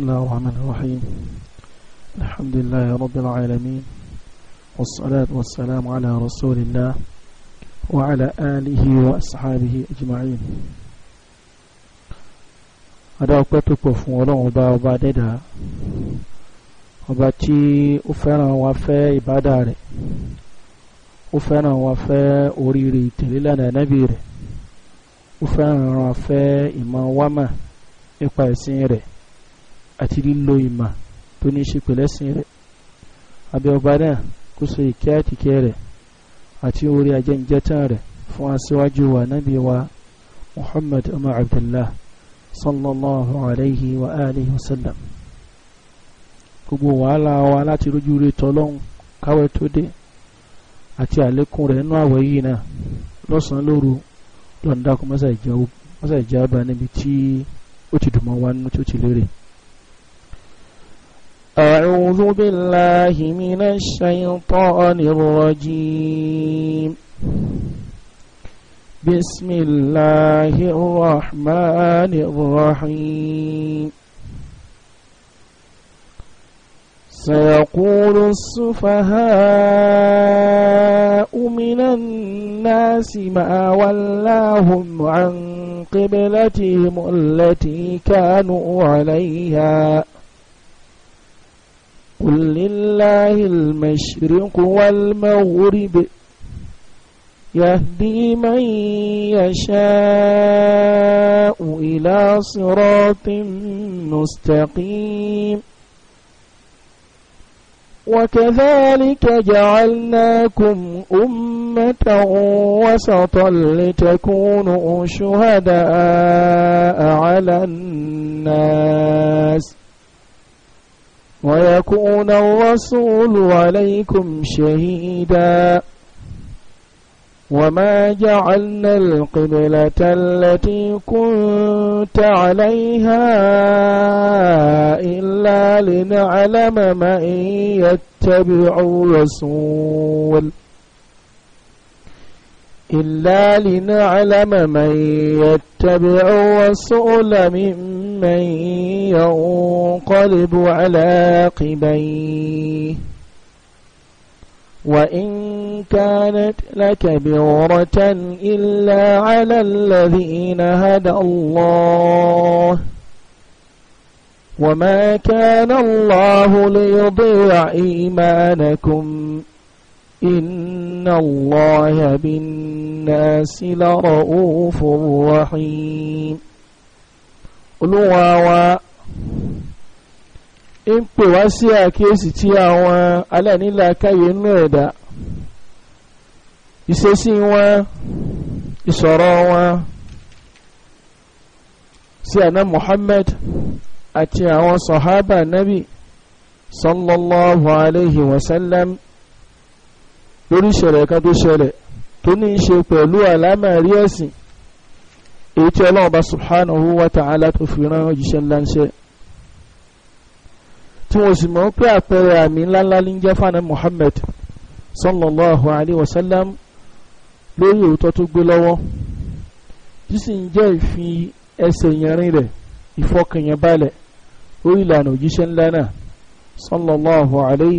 بسم الله الرحمن الرحيم الحمد لله رب العالمين والصلاة والسلام على رسول الله وعلى آله وأصحابه أجمعين adáwọ́pẹ́tòpọ̀ fún ọlọ́run ọba ọba dẹ́dà ọba tí ó fẹ́ràn wa fẹ́ ìbádà rẹ̀ ó fẹ́ràn wa fẹ́ oríire ìtẹ̀lélànà ẹ̀nẹ́bì rẹ̀ ó fẹ́ràn wa fẹ́ ìmọ̀ wámà nípa ẹ̀sìn rẹ̀ àti lílo ìmọ̀ tó ní ṣe pẹ̀lú ẹ̀sìn rẹ̀ abẹ́ ọba náà kó so ìkẹ́ àtìkẹ́ rẹ̀ àti orí ajẹ́njẹ́tàn rẹ̀ fún aṣíwájú wa nábì wa Muhammad ọmọ Abdullah sallallahu alayhi wa alihi wa sallam gbogbo wàhálà wa láti rójú rẹ̀ tọ́lọ́hún káwẹ́ tó dé àti àlékún rẹ̀ nínú àwẹ̀ yìí náà lọ́sàn-án lóru lọ́ndàkùn mọ́sàìjà bá níbi tí ó ti dùnmọ́ wa nínú tí ó ti lérè. أعوذ بالله من الشيطان الرجيم بسم الله الرحمن الرحيم سيقول السفهاء من الناس ما ولاهم عن قبلتهم التي كانوا عليها قل لله المشرق والمغرب يهدي من يشاء إلى صراط مستقيم وكذلك جعلناكم أمة وسطا لتكونوا شهداء على الناس ويكون الرسول عليكم شهيدا وما جعلنا القبلة التي كنت عليها إلا لنعلم من يتبع الرسول إلا لنعلم من يتبع الرسول ممن من ينقلب على عقبيه وإن كانت لكبيرة إلا على الذين هدى الله وما كان الله ليضيع إيمانكم إن الله بالناس لرؤوف رحيم olúwa wa ń pè wá sí àkíyèsí tí àwọn aláìníláàkáyè nú ẹ̀dá ìṣesí wọn ìsọ̀rọ̀ wọn sí àná Muhammad àti àwọn sọ̀hábà nábì sallallahu alayhi wa sallam lórí ìṣẹ̀lẹ̀ kan tó ṣẹlẹ̀ tó ní í ṣe pẹ̀lú àlámà rí ẹ̀sìn èyí tí ọlọ́run bá subhanahu wa ta'ala tó fi rán òjíṣẹ́ ńlá ńṣẹ́ tí wọ́n sì mọ̀ pé àpẹẹrẹ àmì ńláńlá ní jẹ́ fáná Muhammad sallallahu alayhi wa sallam lórí òótọ́ tó gbé lọ́wọ́ jísì ń jẹ́ ìfi ẹsẹ̀ yẹn rìn rẹ̀ ìfọkànyẹn balẹ̀ lórí ìlànà òjíṣẹ́ ńlá náà sallallahu alayhi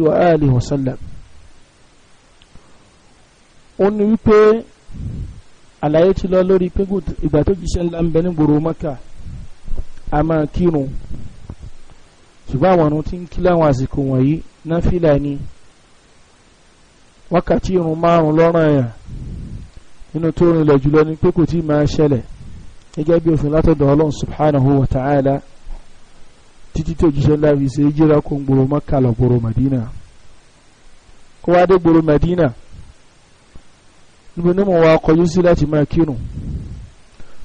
àlàyé ti lọ lórí pé ìgbà tó jíṣẹ́ ńlá ń bẹ ní gbòòrò mọ́kà a máa kírun ṣùgbọ́n àwọn ọ̀run ti ń kí láwọn àsìkò wọ̀nyí náfìlà ni wákàtí irun márùn lọ́rùn ẹ̀yà nínú tó rìnlẹ̀ jùlọ ni pé tí máa ṣẹlẹ̀ gẹ́gẹ́ bí òfin látọ̀dọ̀ ọlọ́run subhanahu wa ta'ala títí tó jíṣẹ́ ńlá fi ṣe é jíra kó gbòòrò mọ́kà lọ gbòòrò màdínà níbi ní mo wá kọjú sí láti máa kírun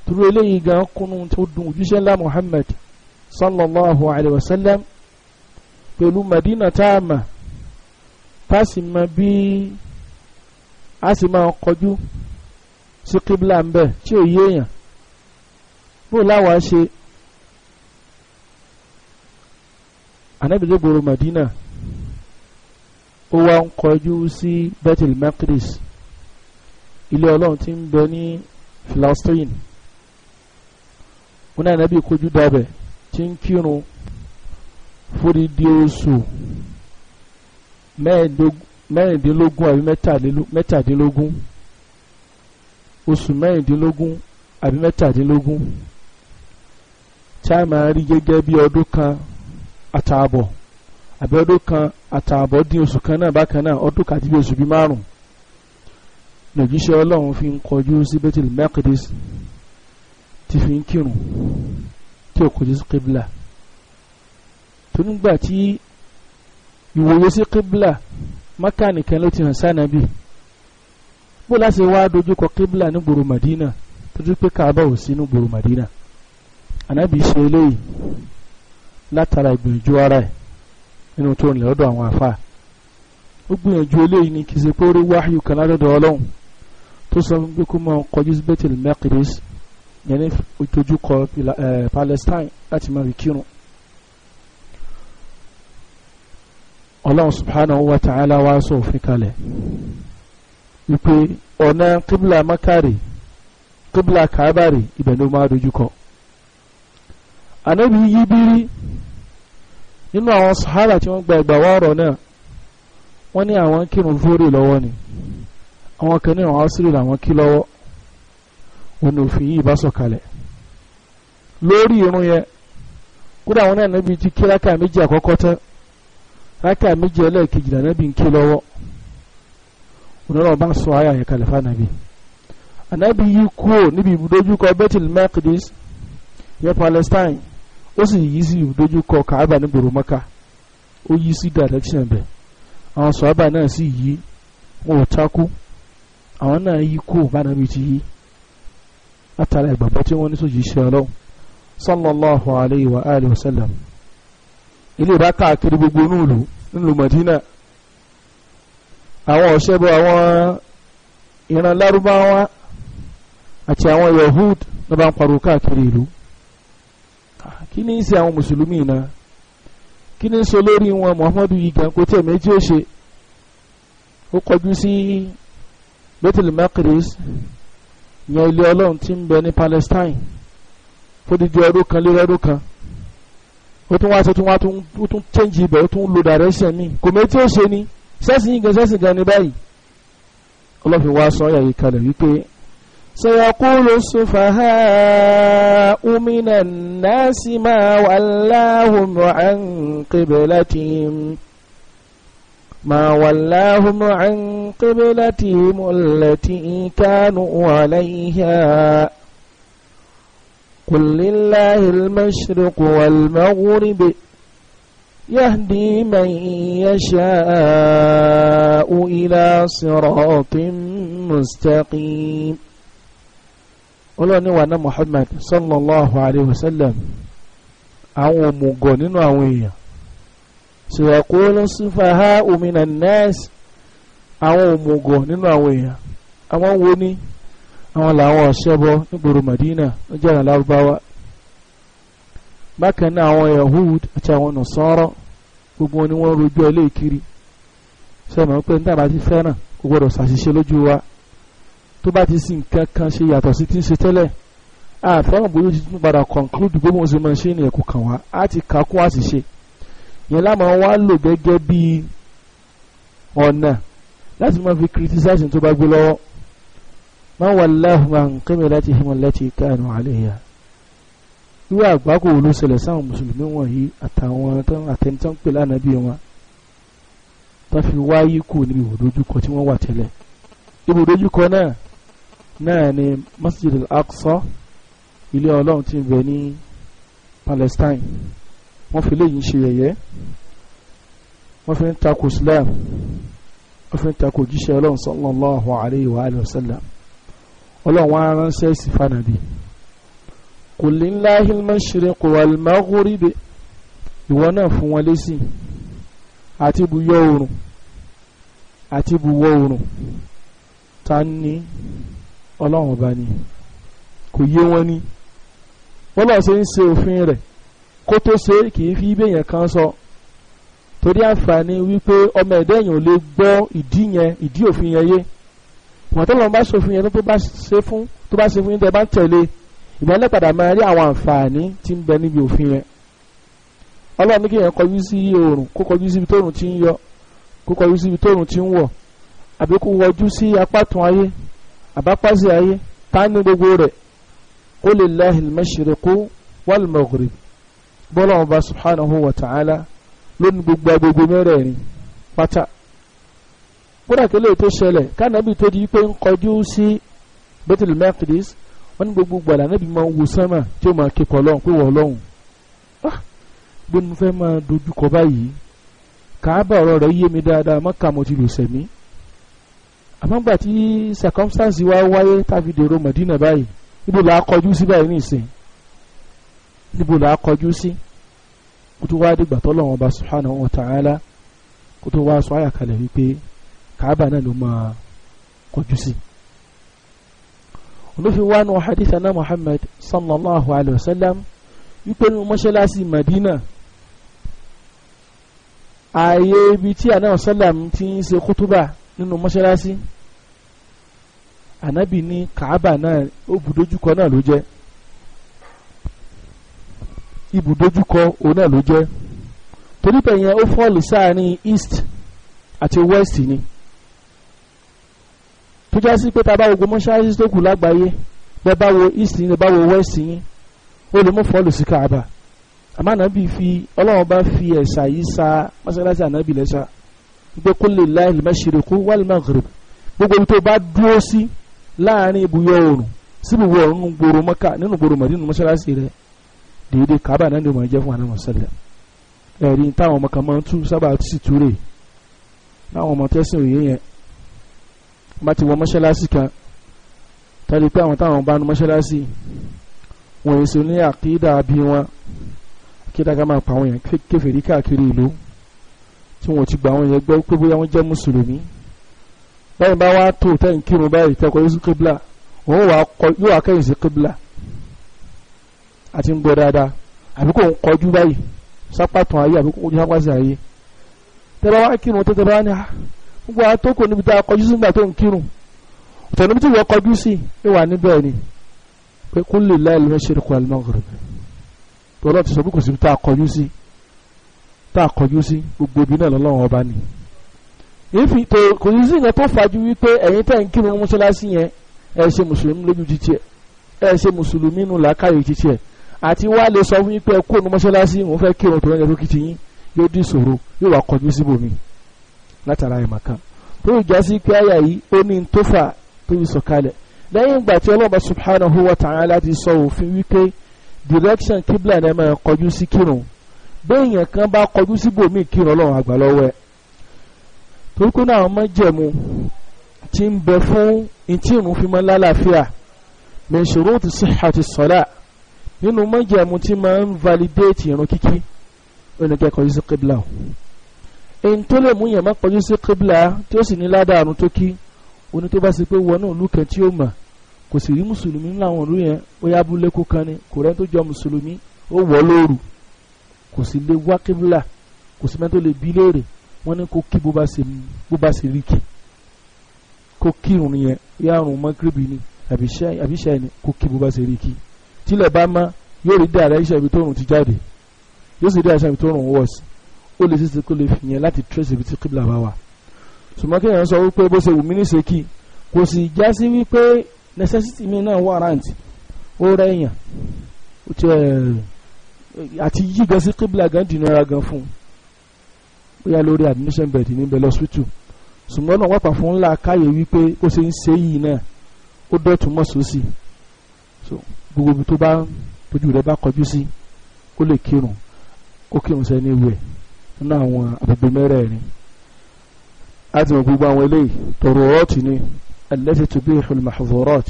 turu eléyìí gan kunu tó dùn ojúṣe ńlá Muhammad sallallahu alayhi wa sallam pẹ̀lú Madina táàmà pàṣẹ mọ bí a sì máa kọjú sí kíbla ń bẹ̀ tí ò yé èèyàn bó láwa ṣe anábìlẹ̀ gbòòrò Madina ó wá ń kọjú sí Bethel Maqdis ilé ọlọ́run ti ń bẹ ní Palestine wọn náà nàbí kojú dabẹ̀ ti ń kírun fódìdí oṣù mẹ́rìndínlógún àbí mẹ́tàdínlógún oṣù mẹ́rìndínlógún àbí mẹ́tàdínlógún tí a máa rí gẹ́gẹ́ bí ọdún kan àtààbọ̀ àbí ọdún kan àtààbọ̀ dín oṣù kan náà bákan náà ọdún kan àti bí oṣù bíi márùn-ún lòjíṣẹ́ ọlọ́run fi ń kọjú sí Baitul Maqdis ti fi ń kírun tí ò kọjú sí kíbla tó nígbà tí ìwòye sí kíbla Mákà nìkan ló ti hàn sànàbì bó láti wá dojúkọ kíbla ní gbòòrò Madina tó dúró pé Kaaba ò sí ní gbòòrò Madina ànábì ṣe eléyìí látara ìgbìyànjú ara ẹ̀ nínú tó ń lọ́dọ̀ àwọn àfáà ó gbìyànjú eléyìí ní kìí ṣe pé ó rí wáhíù kan látọ̀dọ̀ ọlọ́run tó sọ fún pé kó máa kọjú sí Bethel Maqdis yẹn ní ojú kọ Palestine láti máa fi kírun. Allah subhanahu wa ta'ala wá sọ òfin kalẹ̀ wípé ọ̀nà kíbla makari kíbla kábàrì ibẹ̀ ló máa dojú kọ. yí bírí nínú àwọn sàhábà tí wọ́n gba ìgbà wọ́ọ̀rọ̀ náà wọ́n ní àwọn kírun fúrè lọ́wọ́ ni àwọn kan ní àwọn asiri làwọn kí lọ́wọ́ wọn ni òfin yìí bá sọ̀kalẹ̀ lórí irun yẹn kódà àwọn náà níbi tí kí rákà méjì àkọ́kọ́ tán rákà méjì ẹlẹ́ẹ̀kejì là níbi ń kí lọ́wọ́ onírọ̀ bá ń sọ ayé àyẹ̀kà lẹ́fà ànábì yìí kúrò níbi ìbùdójúkọ Bethel Maqdis yẹ Palestine ó sì yí sí ìbùdójúkọ Kaaba ní boromaka ó yí sí direction bẹ̀ àwọn sọ̀rọ̀ náà sì yí wọn ò takú àwọn náà yí kó bánabi ti yí látara ìgbàgbọ́ tí wọ́n ní sójú iṣẹ́ ọlọ́run sallallahu alayhi wa alihi wa sallam ilé ìbá káàkiri gbogbo nílùú nílùú Madina àwọn ọ̀ṣẹ́bọ̀ àwọn ìran lárúbáwá àti àwọn Yahud ló bá ń pariwo káàkiri ìlú kí ní í ṣe àwọn mùsùlùmí náà kí ní í ṣe olórí wọn Muhammadu yìí gan kó tẹ̀ méjì ó ṣe ó kọjú sí Bethel Maqdis yan ilé ọlọ́run tí ń bẹ ní Palestine fódìdí ọdún kan lé ọdún kan ó tún wá sí tún wá tún ó tún change ibẹ̀ ó tún lo direction mi kò mẹ́ tí ó ṣe ni sẹ́sìn yìí gan sẹ́sìn gan ni báyìí ọlọ́fin wá sọ ọ̀yà yìí kalẹ̀ wípé sayakulu sufaha umina nasi ma wallahum an qiblatihim. ما ولاهم عن قبلتهم التي كانوا عليها قل لله المشرق والمغرب يهدي من يشاء إلى صراط مستقيم قل wa ná Muhammad sallallahu alayhi wa sallam àwọn òmùgọ̀ nínú sèwàkúrò sífàhà òmìnira nẹ́ẹ̀sì àwọn òmùgọ̀ nínú àwọn èèyàn àwọn wo ni àwọn làwọn ọ̀ṣẹ́bọ nígboro Madina lọ́jọ́ ìrìn lárúbáwá bákan náà àwọn Yahud àti àwọn nọ̀sọ́rọ́ gbogbo ni wọ́n rojú ọ léèkiri sẹ́mi pé níta bá ti fẹ́ràn kò gbọ́dọ̀ ṣàṣìṣe lójú wa tó bá ti sin nǹkan kan ṣe yàtọ̀ sí ti ń ṣe tẹ́lẹ̀ àfẹ́ràn bóyá ó ti tún padà conclude gbogbo ohun ṣe máa ń ṣe ní ẹ̀kú kan wá á ti kà àṣìṣe yẹn láwọn wá lò gẹ́gẹ́ bí ọ̀nà láti máa fi criticize tó bá gbé lọ́wọ́ man wallahu an qiblatihim allati kanu alayha irú àgbákò wo ló ṣẹlẹ̀ sáwọn mùsùlùmí wọ̀nyí àtàwọn àtẹnitán pè lánàá bí wọn tó fi wáyé kù níbi ìwòdójúkọ tí wọ́n wà tẹ́lẹ̀ ìwòdójúkọ náà náà ni masjid al-aqsa ilé ọlọ́run tí ń bẹ ní palestine wọ́n fi léyìí ṣe yẹ̀yẹ́ wọ́n fi ń takò islam wọ́n fi ń takò jíṣẹ́ ọlọ́run sallallahu alayhi wa alihi wa sallam ọlọ́run wọn aránṣẹ́ sí fanabi kò lè ńlá hilmanṣirin kò wà lùmágóríbe ìwọ náà fún wọn lésì àti ibùyọ oòrùn àti ibùwọ̀ oòrùn ta ni ọlọ́run ọba ni kò yé wọn ni wọ́n lọ́ọ́ ṣe ń ṣe òfin rẹ̀ kó tó ṣe kì í fi ibèyàn kan sọ torí àǹfààní wípé ọmọ ẹ̀dá èèyàn ò lè gbọ́ ìdí yẹn ìdí òfin yẹn yé ìwọ̀n tó lọ́n bá ṣòfin yẹn tó bá ṣe fún tó bá ṣe fún yín tẹ́ bá ń tẹ̀lé ìgbọ́n lẹ́pàdà máa rí àwọn àǹfààní tí ń bẹ níbi òfin yẹn ọlọ́run ní kí yẹn kọjú sí oòrùn kó kọjú síbi tóòrùn ti ń yọ kó kọjú síbi tóòrùn ti ń wọ̀ àbí kó wọjú sí apá ayé àbápásẹ̀ ayé tá gbogbo rẹ̀ kó lillahi al-mashriqu wal bọ́lá ọba subhanahu wa ta'ala lónìí gbogbo agbègbè mẹ́rẹ̀ẹ̀rin pátá kódà kele tó ṣẹlẹ̀ kánábì tó di pé ń kọjú sí Baitul Maqdis wọ́n ní gbogbo gbàdá níbi máa ń wo sánmà tí ó máa ké kọ́ lọ́hùn pé wọ́n lọ́hùn gbé ah! ní fẹ́ máa dojúkọ báyìí kàábà ọ̀rọ̀ rẹ̀ yé mi dáadáa má kà mo ti lò sẹ̀mí àmọ́ gbà tí circumstance wa wáyé tàbí dèrò báyìí ibo là kọjú sí báyìí nìsín níbo là á kọjú sí kó tó wá dìgbà tọ́lọ́run ọba subhanahu wa ta'ala kó tó wá sọ àyà kalẹ̀ wípé kàábà náà ló máa kọjú sí. olófin wa nù haditha náà Muhammad sallallahu alayhi wa sallam wípé nínú mọ́ṣáláṣí Madina ààyè ibi tí anáwó sálàm ti ń ṣe kútúbà nínú mọ́ṣáláṣí ànábì ní kàábà náà ó bùdójúkọ náà ló jẹ́ ibùdójúkọ òun náà ló jẹ́ torí bẹ́ẹ̀ yẹn ó fọ́ọ̀lù sáàrin east àti west ni tó já sí pé tá a bá wo gbogbo tó kù lágbàáyé bẹ́ bá wo east yín bá wo west yín ó lè mú fọ́ọ̀lù sí káàbà àmọ́ ànábì fi ọlọ́run bá fi ẹ̀sà yìí sa mọ́ṣáláṣí ànábì lẹ́sà gbé kó lè la al-mashriqu wal-maghrib gbogbo ibi tó bá dúró sí láàrin ibùyọ oòrùn síbùwọ̀ ọ̀run gbòòrò mọ́kà nínú gbòòrò mọ̀dínú mọ́ṣáláṣí rẹ̀ déédéé kaaba náà ni mo jẹ́ fún àná mọ̀sálẹ̀ ẹ̀rí táwọn ọmọ kan máa ń tú sábà sì túrè láwọn ọmọ tẹ́sán òye yẹn bá ti wọ mọ́ṣáláṣí kan tọ́lé pé àwọn táwọn bá nu mọ́ṣáláṣí wọ́n èso ní àkídà bí wọn àkídà ká máa pa àwọn yẹn kèfèrí káàkiri ìlú tí wọn ò ti gba àwọn yẹn gbọ́ pé bóyá wọ́n jẹ́ mùsùlùmí báyìí bá wá tó tẹ́yìn kírun báyìí tẹ́kọ̀ọ́ yóò sí kébìlà wọ́n yóò wá kẹ́yìn sí kébìlà àti ń gbọ́ dáadáa àbí kò ń kọjú báyìí sápàtàn ayé àbí kò kọjú sápàtàn ayé tẹ́lá wá kírun ah, tó tẹ́lá ní gbogbo àtọ́kọ̀ níbi tá a kọjú sí nígbà tó ń kírun ọ̀tọ̀ níbi tí wọ́n kọjú sí ẹ wà níbẹ̀ ni pé kó lè láì lọ́wọ́ ṣe kó àlùmọ́ gòròbẹ̀ tó lọ́ọ̀ ti sọ pé kò sí tá a kọjú sí tá a kọjú sí gbogbo ibi náà lọ́lọ́run ọba ni èéfì tó kò sí sí nǹkan tó fàájú wípé ẹ̀yin tẹ̀ ń kírun mọ́ṣáláṣí yẹn ẹ ṣe mùsùlùmí lójú títí ẹ ẹ ṣe mùsùlùmí nù làákàyè títí ẹ àti wá lè sọ wípé ẹ kó nu mọ́ṣáláṣí òun fẹ́ kírun tó ń yẹ lókìtì yín yóò di ìṣòro yóò wá kọjú síbòmí látara ìmọ̀ kan tó ìjà sí pé àyà yìí ó ní tó fà tó fi sọ̀kalẹ̀ lẹ́yìn ìgbà tí ọlọ́ba subhanahu wa ta'ala ti sọ òfin wípé direction kibla náà máa kọjú sí kírun béèyàn kan bá kọjú síbòmí kírun ọlọ́run àgbà lọ́wọ́ ẹ̀ torí pé náà ọmọ jẹ̀mu ti ń bẹ fún ìtìrún fi mọ́ lálàáfíà min shuruti sihhati nínú mọ́jẹ̀mú tí máa ń validate irun kíkí oníkẹ́ kọjú sí kíbla èyí tó lè mú yẹn má kọjú sí kíbla tí ó sì ní ládàá àrùn tó kí oní tó bá ṣe pé wọnà òlú kan tí ó mà kò sì rí mùsùlùmí láwọn òlú yẹn ó yá abúlé kó kan ni kò rẹ́ tó jọ mùsùlùmí ó wọ̀ lóru kò sì lè wá kíbla kò sí mẹ́tò lè bí léèrè wọ́n ní kó kí bó bá ṣe rí kí kó kírun yẹn yá àrùn mọ́gírìbì ni àbíṣẹ́ ni kó kí bó bá ṣe rí kí tílẹ̀ bá mọ́ yóò rí direction ibi tóòrùn ti jáde yóò sì rí direction ibi tóòrùn wọ̀ sí ó lè ṣe kó lè fi yẹn láti trace ibi tí kíbla bá wà. ṣùgbọ́n kí èèyàn sọ wípé bó ṣe wù mí ní ṣèkì kò sì já sí wípé necessity mi náà warrant ó rẹ̀yàn ó ti àti yígan sí kíbla gan dìnnà gan fún un bóyá lórí admission bed níbẹ̀ lọ́sítù ṣùgbọ́n náà wọ́n pa fún ńlá káyè wípé ó ṣe ń ṣe yìí náà ó dọ̀tún mọ́ sósì. So, gbogbo ibi tó bá tójú rẹ bá kọjú sí kó lè kírun kó kírun sẹ́ni wẹ̀ nínú àwọn àgbègbè mẹ́rẹ̀ẹ̀rin láti mọ gbogbo àwọn eléyìí tọrọ ọ̀rọ̀tì ni ẹlẹ́sẹ̀ tó bí ìfẹ̀lẹ̀ mahzurat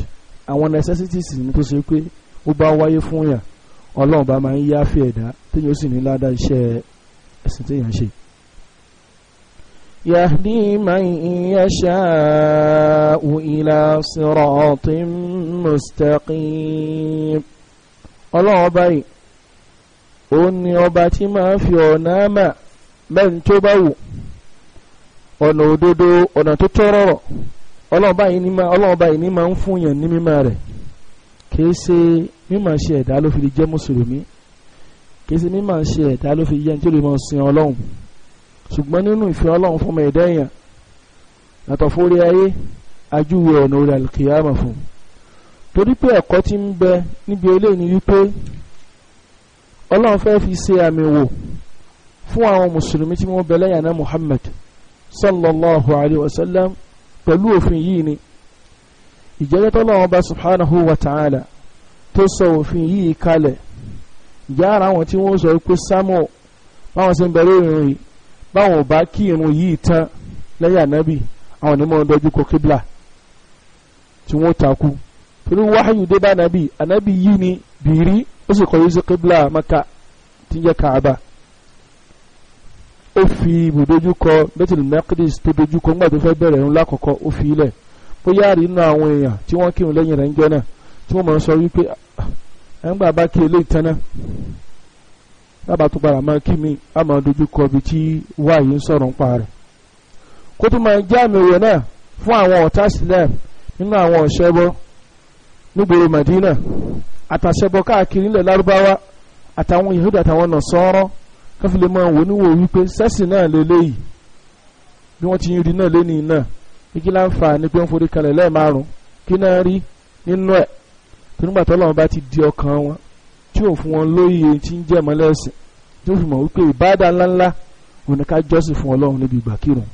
àwọn necessities ni tó ṣe pé ó bá wáyé fún yàn ọlọ́run bá máa ń yáfẹ́ ẹ̀dá téèyàn sì ní ládàá iṣẹ́ ẹ̀sìn téèyàn ṣe. يهدي من يشاء إلى صراط مستقيم ọlọ́run ọba yìí òun ni ọba tí máa fi ọ̀nà àmà mẹ́rin tó bá wù ọ̀nà òdodo ọ̀nà tó tọ́rọ̀rọ̀ ọlọ́run ọba yìí ni máa ń fún yàn ní mímọ́ rẹ̀ kìí ṣe mímọ̀ ṣe ẹ̀dá ló fi jẹ́ mùsùlùmí kìí ṣe mímọ̀ ṣe ẹ̀dá ló fi jẹ́ nítorí mọ̀ sin ọlọ́run ṣùgbọ́n nínú ìfẹ́ ọlọ́run fún ọmọ ẹ̀dá èèyàn yàtọ̀ fórí ayé ajúwe ọ̀nà orí alkiyama fún un torí pé ẹ̀kọ́ ti ń bẹ níbi eléyìí ni wípé ọlọ́run fẹ́ fi ṣe àmì wò fún àwọn mùsùlùmí tí wọ́n bẹ lẹ́yìn àná Muhammad sallallahu alayhi wa sallam pẹ̀lú òfin yìí ni ìjẹ́jẹ́ tọ́lọ́run bá subhanahu wa ta'ala tó sọ òfin yìí kalẹ̀ ìjà ara àwọn tí wọ́n sọ pé samuel báwọn ṣe ń bẹ̀rẹ̀ ìrìn yìí báwọn ò bá kí irun yìí tán lẹ́yìn ànábì àwọn onímọ̀ ọdọ́jú kọ kíbla tí wọ́n takú torí wáhàyù dé bá ànábì ànábì yìí ni bìrí ó sì kọjú sí kíbla maka tí ń jẹ́ káàbà ó fi ibùdójú kọ bẹ́tìlì mẹ́kídìs tó dojú kọ nígbà tó fẹ́ bẹ̀rẹ̀ ńlá kọ̀kọ́ ó fi ilẹ̀ bóyá rí inú àwọn èèyàn tí wọ́n kírun lẹ́yìn rẹ̀ ń jọ náà tí wọ́n mọ̀ sọ wípé ah, ẹ̀ ń gbà bá kí eléyìí tán náà dábàá tó padà máa kí mi á máa dojú kọ ibi tí wáyé ń sọ̀rọ̀ nípa rẹ̀ kó tó máa jẹ́ àmì òye náà fún àwọn ọ̀tá sílẹ̀ nínú àwọn ọ̀ṣẹ́bọ nígboro Madina àtàṣẹbọ káàkiri ilẹ̀ lárúbáwá àtàwọn Yahudu àtàwọn Nasara káfílẹ̀ máa wò níwò wípé sẹ́sì náà lélẹ́yìí bí wọ́n ti rí náà lẹ́nìí náà igi láǹfààní pé ń forí kalẹ̀ lẹ́ẹ̀márùn-ún kí náà rí nínú ẹ̀ tó nígbà tó lọ́wọ́ bá ti di ọkàn wọn tí ò fún wọn lóye tí ń jẹ́ mọ́lẹ́sìn tí ó fi mọ̀ wípé ìbáàdà ńláńlá òun ni ká jọ́sìn fún ọlọ́run níbi ìgbà kírun.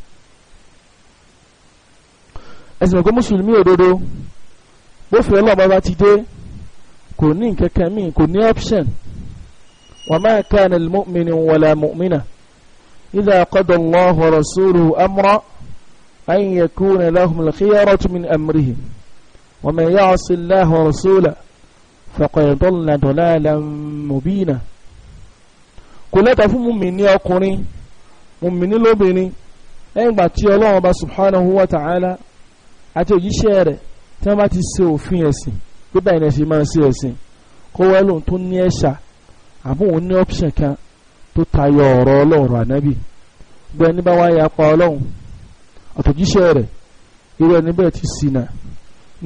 ẹ̀sìn ìgbẹ́ mùsùlùmí òdodo bófin ọlọ́run bá ti dé kò ní kankan míì kò ní option wa ma kana al-mu'minu wala mu'mina idha qada Allahu wa rasuluhu amran an yakuna lahumul khiyaratu min amrihim wa man ya'si Allaha wa rasulahu faqad dalla dalalan mubina kò lẹ́tọ̀ fún mùmíní ọkùnrin mùmíní lóbìnrin lẹ́yìn ìgbà tí ọlọ́run ọba subhanahu wa ta'ala àti òjíṣẹ́ rẹ̀ tí wọ́n bá ti ṣe òfin ẹ̀sìn bíbá ìrìn ẹ̀sìn máa ń ṣe ẹ̀sìn kó wá lóun tó ní ẹ̀ṣà àbí òun ní option kan tó tayọ ọ̀rọ̀ ọlọ́run ànábì gbọ́ ẹni bá wá ya pa ọlọ́run àtòjíṣẹ́ rẹ̀ irú ẹni bẹ́ẹ̀ ti ṣìnà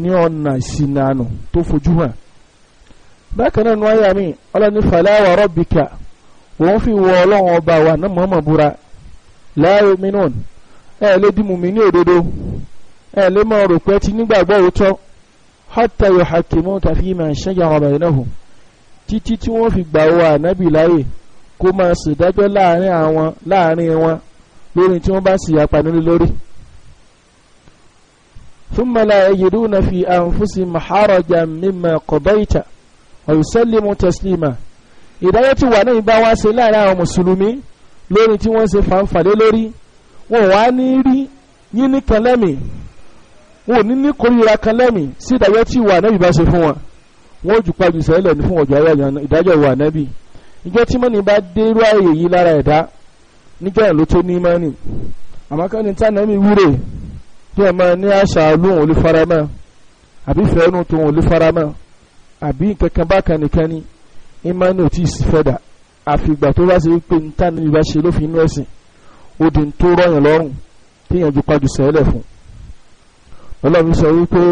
ní ọ̀nà ìṣìnà àná tó fojú hàn bákan náà nu àyà mi ọlọ́ni fala wa rabbika wọ́n fi wọ ọlọ́run ọba wa náà mọ̀ọ́mọ̀ búra la yu'minun ẹ lè di mùmínì òdodo ẹ lè mọ rò pé ti nígbàgbọ́ òótọ́ hatta yuhakkimuka fima shajara bainahum títí tí wọ́n fi gbà wọ ànábì láàyè kó máa ṣèdájọ́ láàrin àwọn láàrin wọn lórí tí wọ́n bá sì yapa nílé lórí. thumma la yajiduna fi anfusihim harajan mimma qadayta ọ̀yùsẹ́lẹ̀mù tẹ̀sílìmà ìdájọ́ tí wà náà bá wá ṣe láàrin àwọn mùsùlùmí lórí tí wọ́n ṣe fàǹfàdé lórí wọn ò wá ní rí yíní kan lẹ́mì wọn ò ní ní kórìíra kan lẹ́mì sí ìdájọ́ tí wà náà bá ṣe fún wọn wọn ò jù pàjù sẹ́lẹ̀ ní fún ọjọ́ ìdájọ́ wà nábì ìjọ tí mọ́ni bá dé irú ààyè yìí lára ẹ̀dá níjọ́ yẹn ló tó ní mọ́ni àmọ́ kọ́ni tánàmì wúre bí ẹ̀ máa ní àṣà lóhùn olúfaramọ́ àbí fẹ́ẹ́ nù tóhùn olúfaramọ́ àbí nkankan bá kan nìkan ni imani ò tí ì sí fẹ́dà àfìgbà tó bá ṣe pé níta ni ìbá ṣe lófin inú ẹ̀sìn ó di tó rọyàn lọ́rùn téèyàn ju pàjù sẹ́lẹ̀ fún ọlọ́run sọ wípé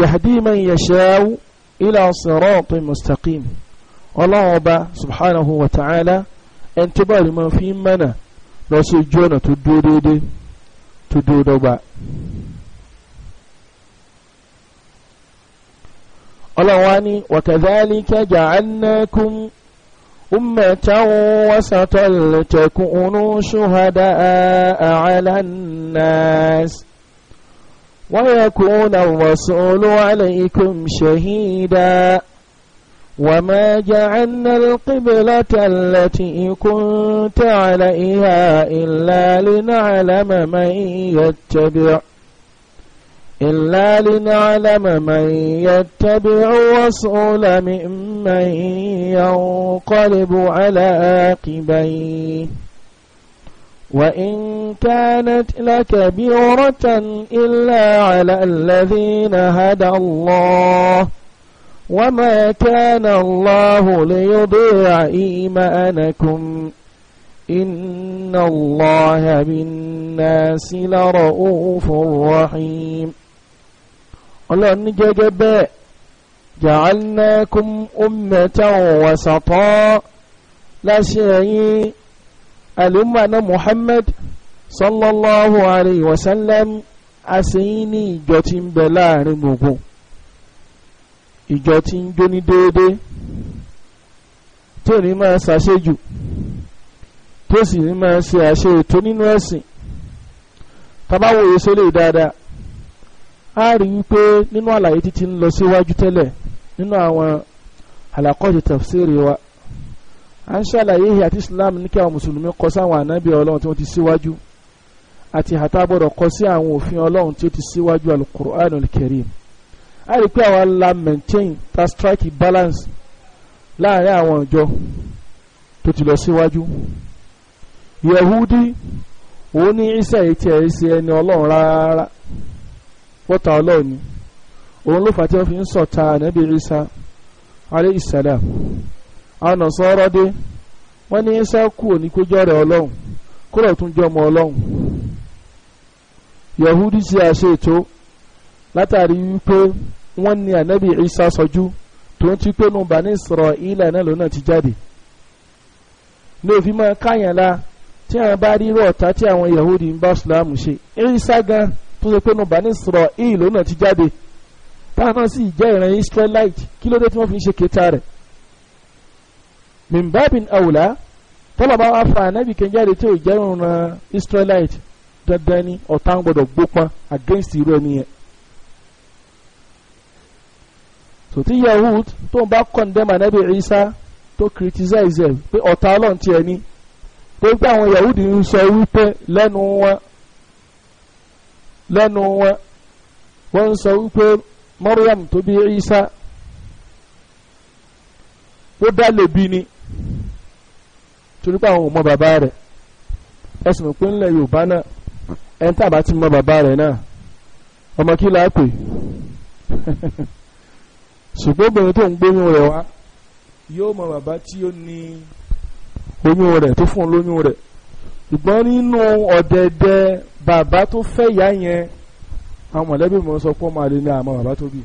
yahdi man yasha'u ila sirati mustaqim ọlọ́run ọba subhanahu wa ta'ala ẹni tó bá rí máa fi ń mẹ́nà lọ sí ojú ọ̀nà tó dúró déédéé tó dúró dọ́gba. ọlọ́wọ́n وكذلك جعلناكم أمة وسطا لتكونوا شهداء على الناس ويكون الرسول عليكم شهيدا وما جعلنا القبلة التي كنت عليها إلا لنعلم من يتبع إلا لنعلم من يتبع الرسول ممن ينقلب على عاقبيه وإن كانت لكبيرة إلا على الذين هدى الله وما كان الله ليضيع إيمانكم إن الله بالناس لرؤوف رحيم ọlọ́run ní gẹ́gẹ́ bẹ́ẹ̀ ja'alnakum ummatan wasata láṣẹ ẹ̀yìn alimana Muhammad sallallahu alayhi wa sallam àṣeyìn ní ìjọ tí ń bẹ láàrin gbogbo ìjọ tí ń jó ní déédéé tó sì ní máa ṣe àṣe ètò nínú ẹ̀sìn tabawo yìí dáadáa a rí wípé nínú àlàyé títí ń lọ síwájú tẹ́lẹ̀ nínú àwọn àlàkọ́jù tafsiri wa à ń ṣàlàyé ìhì àti islam ní kí àwọn mùsùlùmí kọ sáwọn ànábì ọlọ́run tí wọ́n ti síwájú àti ìhàtà gbọ́dọ̀ kọ sí àwọn òfin ọlọ́run tí ó ti síwájú alukur'an olùkẹ́rìm a rí pé àwọn la maintain ta strike balance láàrin àwọn ìjọ tó ti lọ síwájú yehudi òun ní isa èyí tí ẹ̀ ṣe ẹni ọlọ́run rárá. wọ́tà ọlọ́run ni òun ló fà tí wọ́n fi ń sọ̀tà ànábì Isa alayhi salam àna sọ́ọ́rọ́ dé wọ́n ní Isa kú òní kójọ́ rẹ̀ ọlọ́run kúrò tún jọ ọmọ ọlọ́run Yahudi ṣe àṣetò látàrí wípé wọ́n ní ànábì Isa sọjú tó ń ti pé nù Bani Israila náà lónà ti jáde ní òfin máa káyàn la tí àwọn bá rí rọ̀ọ̀tá tí àwọn Yahudi ń bá Islam ṣe Isa gan tó ṣe pé nùbà ní sọ̀rọ̀ ìlú náà ti jáde táwọn náà sì jẹ́ ìran israelite kí ló dé tí wọ́n fi ń ṣe kéta rẹ̀ mimbabin awula tọ́lọ̀bá wa fa anabi kẹjáde tí ò jẹ́ ìran israelite dandan ni ọ̀tá ń gbọ́dọ̀ gbópa against irú ẹni yẹn sòtí yahud tó ń bá condemn anabi isa tó criticize ẹ pé ọ̀tá ọlọ́run tiẹ̀ ni pé pé àwọn yahud ń sọ wípé lẹ́nu wọn lẹ́nu wọn wọ́n ń sọ wípé Maryam tó bí Isa ó dá lẹ́bi ni torí pé àwọn ò mọ bàbá rẹ̀ ẹ̀sìn òpin ńlẹ̀ Yorùbá náà ẹni tá a bá ti mọ bàbá rẹ̀ náà ọmọ kí láà pè ṣùgbọ́n obìnrin tó ń gbóyún rẹ̀ wá yóò mọ bàbá tí ó ní oyún rẹ̀ tó fún un lóyún rẹ̀ ṣùgbọ́n nínú ọ̀dẹ̀dẹ̀ bàbá tó fẹ́ ìyá yẹn àwọn mọ̀lẹ́bí mọ̀ sọ pé ọmọ àlè ni àmọ́ bàbá tó bí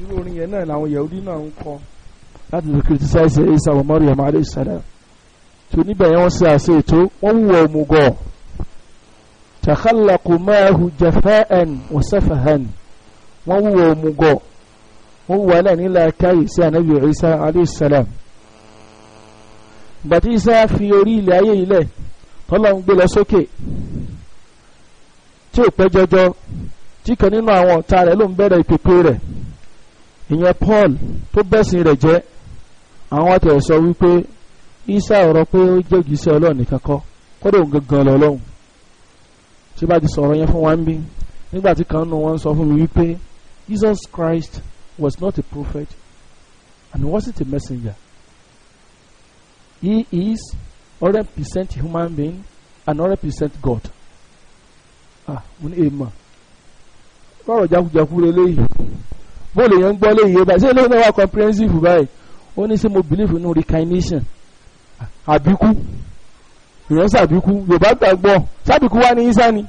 irú orin yẹn náà làwọn Yahudi náà ń kọ láti lè criticize Isa wa Maryam alayhi salam tó níbẹ̀ yẹn wọ́n ṣe àṣẹ ètò wọ́n wúwo òmùgọ̀ takhallaqu ma'ahu jafa'an wa safahan wọ́n wúwo òmùgọ̀ wọ́n wúwo alẹ́ nílẹ̀ káyì sí ànábì Isa alayhi salam gbàtí Isa fi orí ilẹ̀ ayé ilẹ̀ tọ́lọ́ ń gbé lọ sókè tí ò pẹ́ jọjọ tí kan nínú àwọn ọ̀tá rẹ̀ ló ń bẹ̀rẹ̀ ìpèpè rẹ̀ ìyẹn Paul tó bẹ̀sìn rẹ̀ jẹ́ àwọn àtẹ̀wọ̀ sọ wípé isa ọ̀rọ̀ pé ó jẹ́ òjíṣẹ́ ọlọ́run nìkan kọ́ kódà òun gangan lọ́lọ́run tí bá ti sọ̀rọ̀ yẹn fún wa ń bí nígbà tí kan nínú wọn sọ fún mi wípé Jesus Christ was not a prophet and wasn't a messenger he is hundred percent human being and hundred percent God. Ah, mo ní èèmọ̀ bọ́ọ̀rọ̀ jákujàku lélẹ́yìí bóòlù yẹn ń gbọ́ léyìí báyìí ṣé eléyìí náà wà comprehensive báyìí ó ní ṣé mo believe nínú reincarnation ah, àbíkú ìyẹn sàbíkú yorùbá gbàgbọ́ sàbíkú wá ní isa ni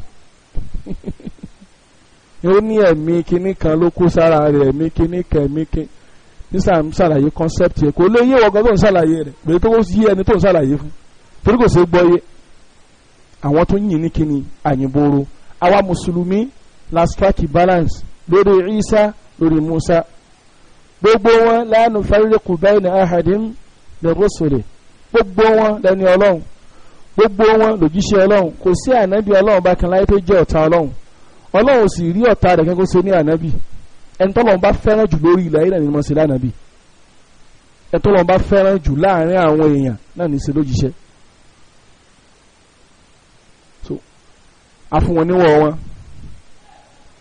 ó ní ẹ̀mí kinní kan ló kó sára rẹ̀ ẹ̀mí kinní kan ẹ̀mí kinní nísà ń ṣàlàyé concept yẹn kò lè yé wọ́n gan tó ń ṣàlàyé rẹ̀ pé tó yé ẹni tó ń ṣàlàyé fún torí kò ṣe gbọ́ yé àwọn tó yìn ní kinní àyìnbóró àwa mùsùlùmí la strike balance lórí Isa lórí Musa gbogbo wọn la nufarriqu bayna ahadin min rusuli gbogbo wọn lẹni Ọlọ́run gbogbo wọn lòjíṣẹ́ Ọlọ́run kò sí ànábì Ọlọ́run bá kan láyé tó jẹ́ ọ̀tá Ọlọ́run Ọlọ́run sì rí ọ̀tá rẹ̀ kẹ́kọ̀ọ́ sí ní ànábì ẹni tọ́lọ́run bá fẹ́ràn jù lórí ilẹ̀ ayé náà ni mo ṣe lánàbì ẹni tọ́lọ́run bá fẹ́ràn jù láàrin àwọn èèyàn náà ní í ṣe lójíṣẹ́ àfún wọn níwọ̀ wọn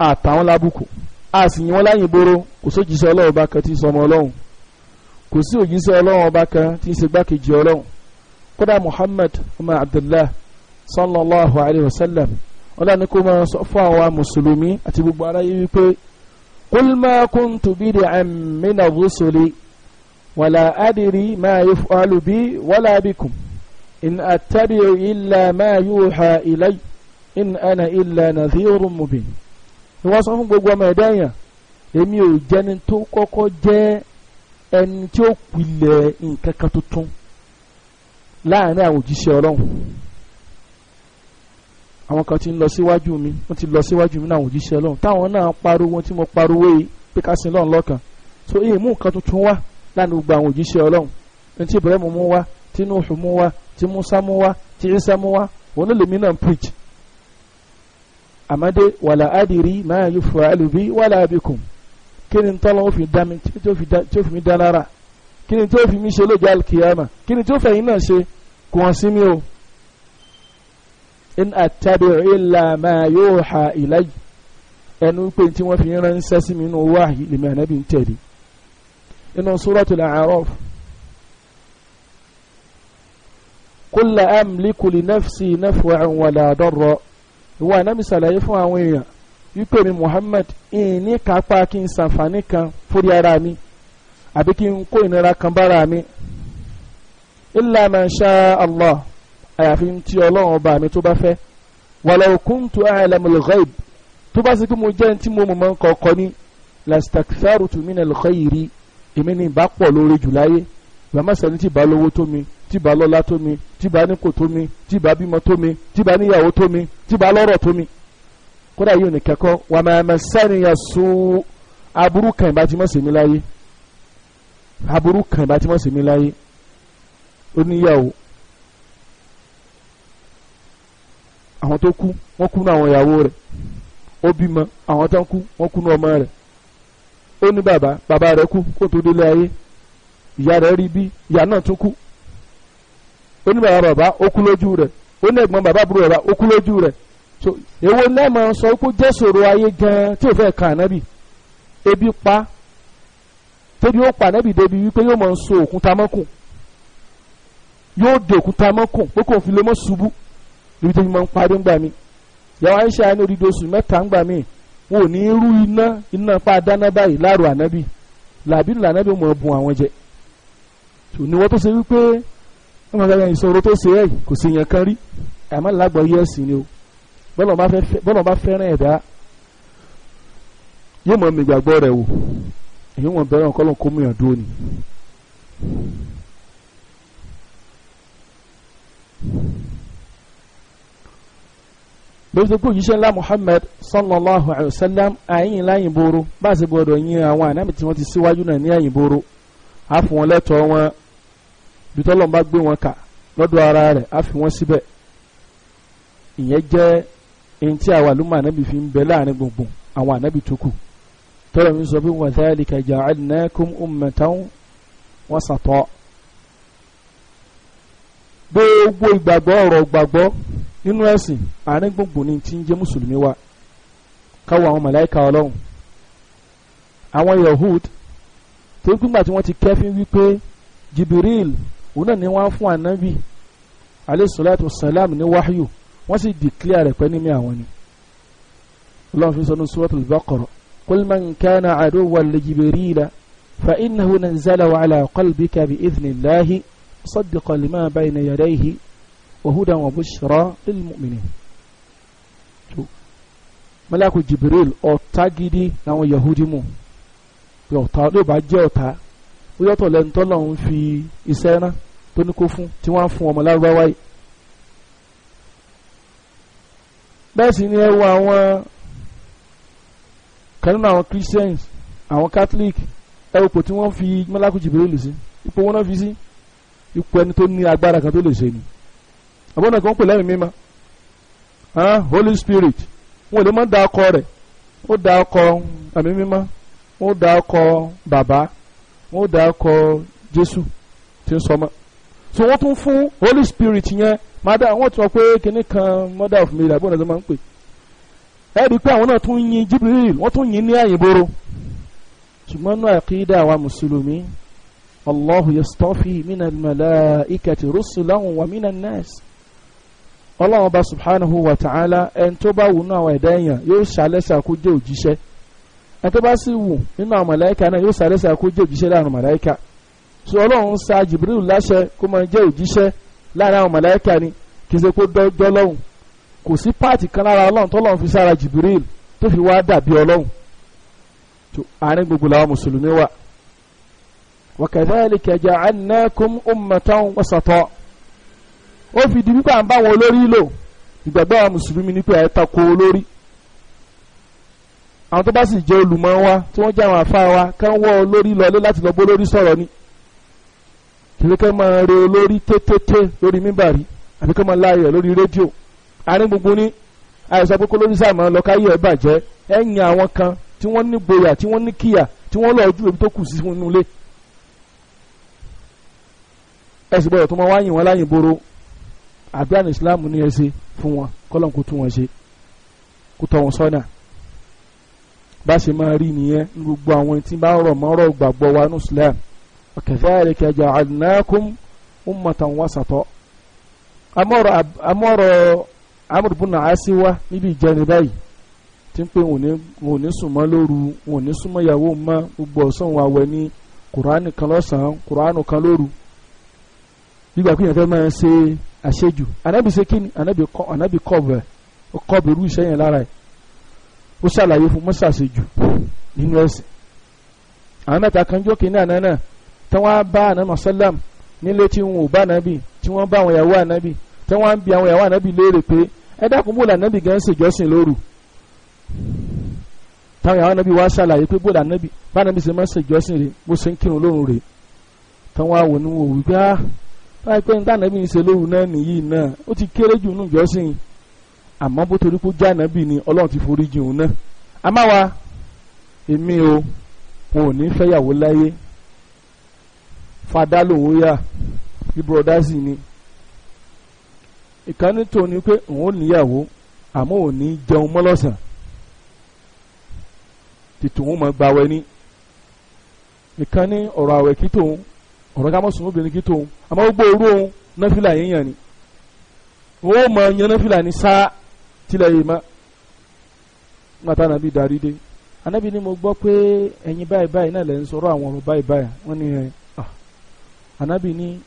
àtàwọn lábùkù a sì yìn wọn láyìn ìgboro kò sójíṣẹ́ ọlọ́run ọba kan tí ń sọmọ ọlọ́run kò sí òjíṣẹ́ ọlọ́run ọba kan tí ń ṣe gbákejì ọlọ́run kódà Muhammad ọmọ Abdullah sallallahu alayhi wa sallam ọlọ́run ni máa sọ fún àwa mùsùlùmí àti gbogbo aráyé wípé qul kuntu bid'an min ar wala adiri ma yuf'alu bi wala bikum in attabi'u illa ma yuha ilayya in ana illa nadhirun mubin ni wọ́n sọ fún gbogbo ọmọ ẹ̀dá èèyàn èmi ò jẹni tó kọ́kọ́ jẹ́ ẹni tí ó pilẹ̀ nǹkan kan tuntun láàrin àwọn òjíṣẹ́ ọlọ́run àwọn kan ti ń lọ síwájú mi wọ́n ti lọ síwájú mi náà àwọn òjíṣẹ́ ọlọ́run táwọn náà pariwo tí mo pariwo yìí pé ká sin lọ́run lọ́kàn so èyí mú nǹkan tuntun wá láàrin gbogbo àwọn òjíṣẹ́ ọlọ́run ní tí Ibrahim mú wá tí mú wá tí Musa mú wá tí Isa mú wá òun lèmi náà preach àmọ́dé wàlà ádìrí máa yóò fọ àlùbí wàlà àbíkùn kí ni tọ́lọ́ ó fi dá mi tí ó fi mi dá lára kí ni tí ó fi mi ṣe lójú alkiyama kí ni tí ó fẹ̀yìn náà ṣe kò wọ́n sí mi o. in attabi'u illa ma yuha ilay ẹnu pé tí wọ́n fi ránṣẹ́ sí mi nínú wáhì lèmi ànábì ń tẹ̀lé inú suratul A'raf. قل لا أملك لنفسي نفعا ولا ضرا ìwọ ànábì sàlàyé fún àwọn èèyàn wípé mi Muhammad ìní kápá kí n sàǹfààní kan fúri ara mi àbí kí n kó ìnira kan bára mi illa man sha Allah àyàfi tí ọlọ́run ọba mi tó bá fẹ́ walau kuntu a'lamul ghaib tó bá sì kí mo jẹ́ tí mo mọ̀ mọ́ kọ̀ọ̀kan ní lastakthartu minal khayri èmi ní ìbá lórí jù bàmá sẹ́ni tí ìbá tó mi tíba lọ́lá tó mi tíba níkò tó mi tíba bímọ tó mi tíba níyàwó tó mi tíba lọ́rọ̀ tó mi kódà yìí ò ní kẹ́kọ́ wà máa ma sẹ́niyàn so aburú kan ìbá ti mọ̀ sí mi láyé aburú kan ìbá ti mọ̀ sí mi láyé ó níyàwó àwọn tó kú wọ́n kú ní àwọn ìyàwó rẹ̀ ó bímọ àwọn tó kú wọ́n kú ní ọmọ rẹ̀ ó ní bàbá bàbá rẹ̀ kú kó tó délé ayé ìyá rẹ̀ rí bí ìyá náà tún kú ó ní bàbá bàbá ó kú lójú rẹ̀ ó bàbá àbúrò bàbá ó rẹ̀ so èwo náà máa sọ pé jésòrò ayé gan tí ò fẹ́ kan ànábì ebi pa tẹ́bi ó pa ànábì débi wípé yóò máa so òkúta mọ́kùn yóò de òkúta mọ́kùn pé kò fi lè mọ́ ṣubú níbi tẹ́bi máa ń parí ńgbà mi yàrá iṣẹ́ àánú odidi oṣù mẹ́ta ńgbà mi wọn ní rú iná iná pa dáná báyìí láàrú ànábì làbí lànábì mọ̀ ọ́ bùn àwọn jẹ so ni wọ́n tó ṣe wípé wọ́n máa sọ ìṣòro tó ṣe ẹ̀ kò sí yẹn kan rí àmọ́ làgbọ̀ yẹ ẹ̀sìn ni o bọ́lọ̀ bá fẹ́ràn ẹ̀dá yóò mọ̀ mí gbàgbọ́ rẹ̀ wò èyí wọn bẹ̀rẹ̀ ọ̀kọ́ lóun kó mìíràn dúró ni. lóṣù kú yíṣẹ́ ńlá Muhammad sallallahu alayhi wa sallam àyìn láyìn boro bá a sì gbọdọ̀ yin àwọn ànábì tí wọ́n ti síwájú náà ní àyìn boro àfọ̀n lẹ́tọ̀ọ́ wọn bí tọ́lọ́n bá gbé wọn kà lọ́dọ̀ ara rẹ̀ á fi wọ́n síbẹ̀ ìyẹn jẹ́ ẹni tí àwa lùmọ̀ ànábì fi ń bẹ láàrin gbogbo àwọn ànábì tó kù tọ́lọ̀ mi sọ pé wa dhalika ja'alnakum ummatan wasata gbogbo ìgbàgbọ́ ọ̀rọ̀ ìgbàgbọ́ nínú ẹ̀sìn àárín gbogbo ní ti ń jẹ́ mùsùlùmí wa káwọ àwọn màláíkà ọlọ́run àwọn Yahud tó gbígbà tí wọ́n ti kẹ́fín wípé Jibril òun náà ni wọ́n á fún ànábì alayhi salatu wassalam ní wáyù wọ́n sì dìklíà rẹ̀ pẹ́ nímí àwọn ni ọlọ́run fi sọnù suratul baqara qul man kana aduwwan li jibrila fa innahu nazzalahu ala qalbika bi idhnillahi musaddiqan lima bayna yadayhi wa hudan wa bushra lil mu'minin malaku jibril ọ̀tá gidi làwọn yahudi mu ọ̀tá ló bá jẹ́ ọ̀tá ó yàtọ̀ lẹ́nu fi iṣẹ́ náà tó ní kó fún tí wọ́n á fún ọmọ lárúbáwá yìí bẹ́ẹ̀ sì ni ẹ wo àwọn kan nínú àwọn Christians àwọn Catholic ẹ wò pò tí wọ́n fi mọ́lákù jìbìrìlù sí ipò wọn náà fi sí ipò ẹni tó ní agbára kan tó lè ṣe ni àbọ̀nà kan ń pè lẹ́yìn mímọ́ Holy Spirit wọn ò lè mọ́ da ọkọ rẹ̀ ó da ọkọ ẹ̀mí mímọ́ ó da ọkọ bàbá ó da ọkọ Jésù tí ń sọmọ́ so wọ́n tún fún holy spirit yẹn mother wọ́n tún sọ pé kinní kan mother of mary àbúrò náà máa ń pè ẹ rí i pé àwọn náà tún yin jibril wọ́n tún yin ní àyìnbóró ṣùgbọ́n náà àkídà àwa mùsùlùmí allahu yastafi minal malaikati rusulan wa minan nas ọlọ́run ọba subhanahu wa ta'ala ẹni tó bá wù nínú àwọn ẹ̀dá èèyàn yóò ṣàlẹ́sẹ̀ kó jẹ́ òjíṣẹ́ ẹni tó bá sì wù nínú àwọn màláíkà náà yóò ṣàlẹ́sẹ̀ kó jẹ́ òjíṣẹ́ láàrin màláíkà so ọlọ́run sa Jibril láṣẹ kó máa jẹ́ òjíṣẹ́ láàrin àwọn màláíkà ni kì í ṣe kó dọ́jọ́ lọ́hùn kò sí páàtì kan lára ọlọ́run tọ́lọ́run fi sára Jibril tó fi wá dàbí ọlọ́run àárín gbogbo làwọn mùsùlùmí wà. wa kadhalika ja'alnakum ummatan wasata ó fi di wípé à ń bá wọn olórí lò ìgbàgbọ́ àwọn mùsùlùmí ni pé ẹ̀ tako olórí àwọn tó bá sì jẹ́ olùmọ̀ wa tí wọ́n jẹ́ àwọn àfa wa kán wọ́ olórí lọlé láti lọ bó lórí sọ̀rọ̀ ni kìlí kẹ́ máa re olórí tétété lórí mímbàrí àbí kẹ́ máa láàyè lórí rédíò àárín gbogbo ní àìsàn pé kó lórí sáà máa lọ káyé ẹ̀ bàjẹ́ ẹ̀yìn àwọn kan tí wọ́n ní gboyà tí wọ́n ní kíyà tí wọ́n lọ ojú èmi tó kù sí fún inú ilé ẹ̀sìn bọ̀dọ̀ tó máa wáyìn wọn láyìn boro àbí àná ìsìláàmù ní ẹsẹ̀ fún wọn kọ́lọ́n kó tún wọn ṣe kó tọ́ wọn sọ́nà bá ṣe máa rí nìyẹn gbogbo àwọn tí bá rọ̀ mọ́rọ̀ gbàgbọ́ wa ní ìsìláàmù وكذلك جعلناكم أمة وسطا amọ́rọ̀ amọ́rọ̀ amúrùbùnà àṣìwá níbi ìjẹni báyìí tí ń pè wọn ò ní sùn mọ́ lóru wọn ò ní sùn mọ́ ìyàwó mọ́ gbogbo ọ̀sán wọn àwẹ̀ ní kùránì kan lọ́sàn-án kùránì kan lóru nígbà pé yẹn fẹ́ máa ṣe àṣejù anábì ṣe kí ni anábì kọ́ bẹ̀ ó kọ́ bẹ̀rù iṣẹ́ yẹn lára ẹ̀ ó ṣàlàyé fún mọ́ṣáṣejù nínú ẹ̀sìn àwọn mẹ́ta kan jókè ní àná náà tí wọ́n bá ànábì sọ́lám nílé tí wọn ò bá ànábì tí wọ́n bá àwọn ìyàwó ànábì tí wọ́n bi àwọn ìyàwó ànábì léèrè pé ẹ dákun bóòlù ànábì gan ṣèjọ́sìn lóru táwọn ìyàwó ànábì wá ṣàlàyé pé bóòlù ànábì bá ànábì ṣe máa ṣèjọ́sìn rè bó ṣe ń kírun lóru rè táwọn àwọn òní wò wípé ah, báyìí pé níta ànábì ń ṣe lóru náà nìyí náà ó ti kéré jù nù jọ́sìn ni ọlọ́run ti forí jìn òun náà àmáwa èmi fada lòun yà bí broda sì ni ìkànnì tó ní pé òun ò níyàwó àmọ́ ò ní jẹun mọ́lọ́sàn tètè òun mọ̀ gbawẹ́ ní ìkànnì ọ̀rọ̀ àwẹ̀ kí tòun ọ̀rọ̀ ká mọ̀ sùn obìnrin kí tòun àmọ́ ó gbọ́ orú òun náfìlà yẹn yàn ni òun ò mọ̀ yan náfìlà ní sáà tilẹ̀ yìí mọ́ nígbàtà nàbí darí dé anábì ni mo gbọ́ pé ẹ̀yin báyìí báyìí náà lẹ́ sọ̀rọ̀ àwọn ọ̀rọ̀ báyìí báyìí wọ́n ní ẹ̀ anabi ní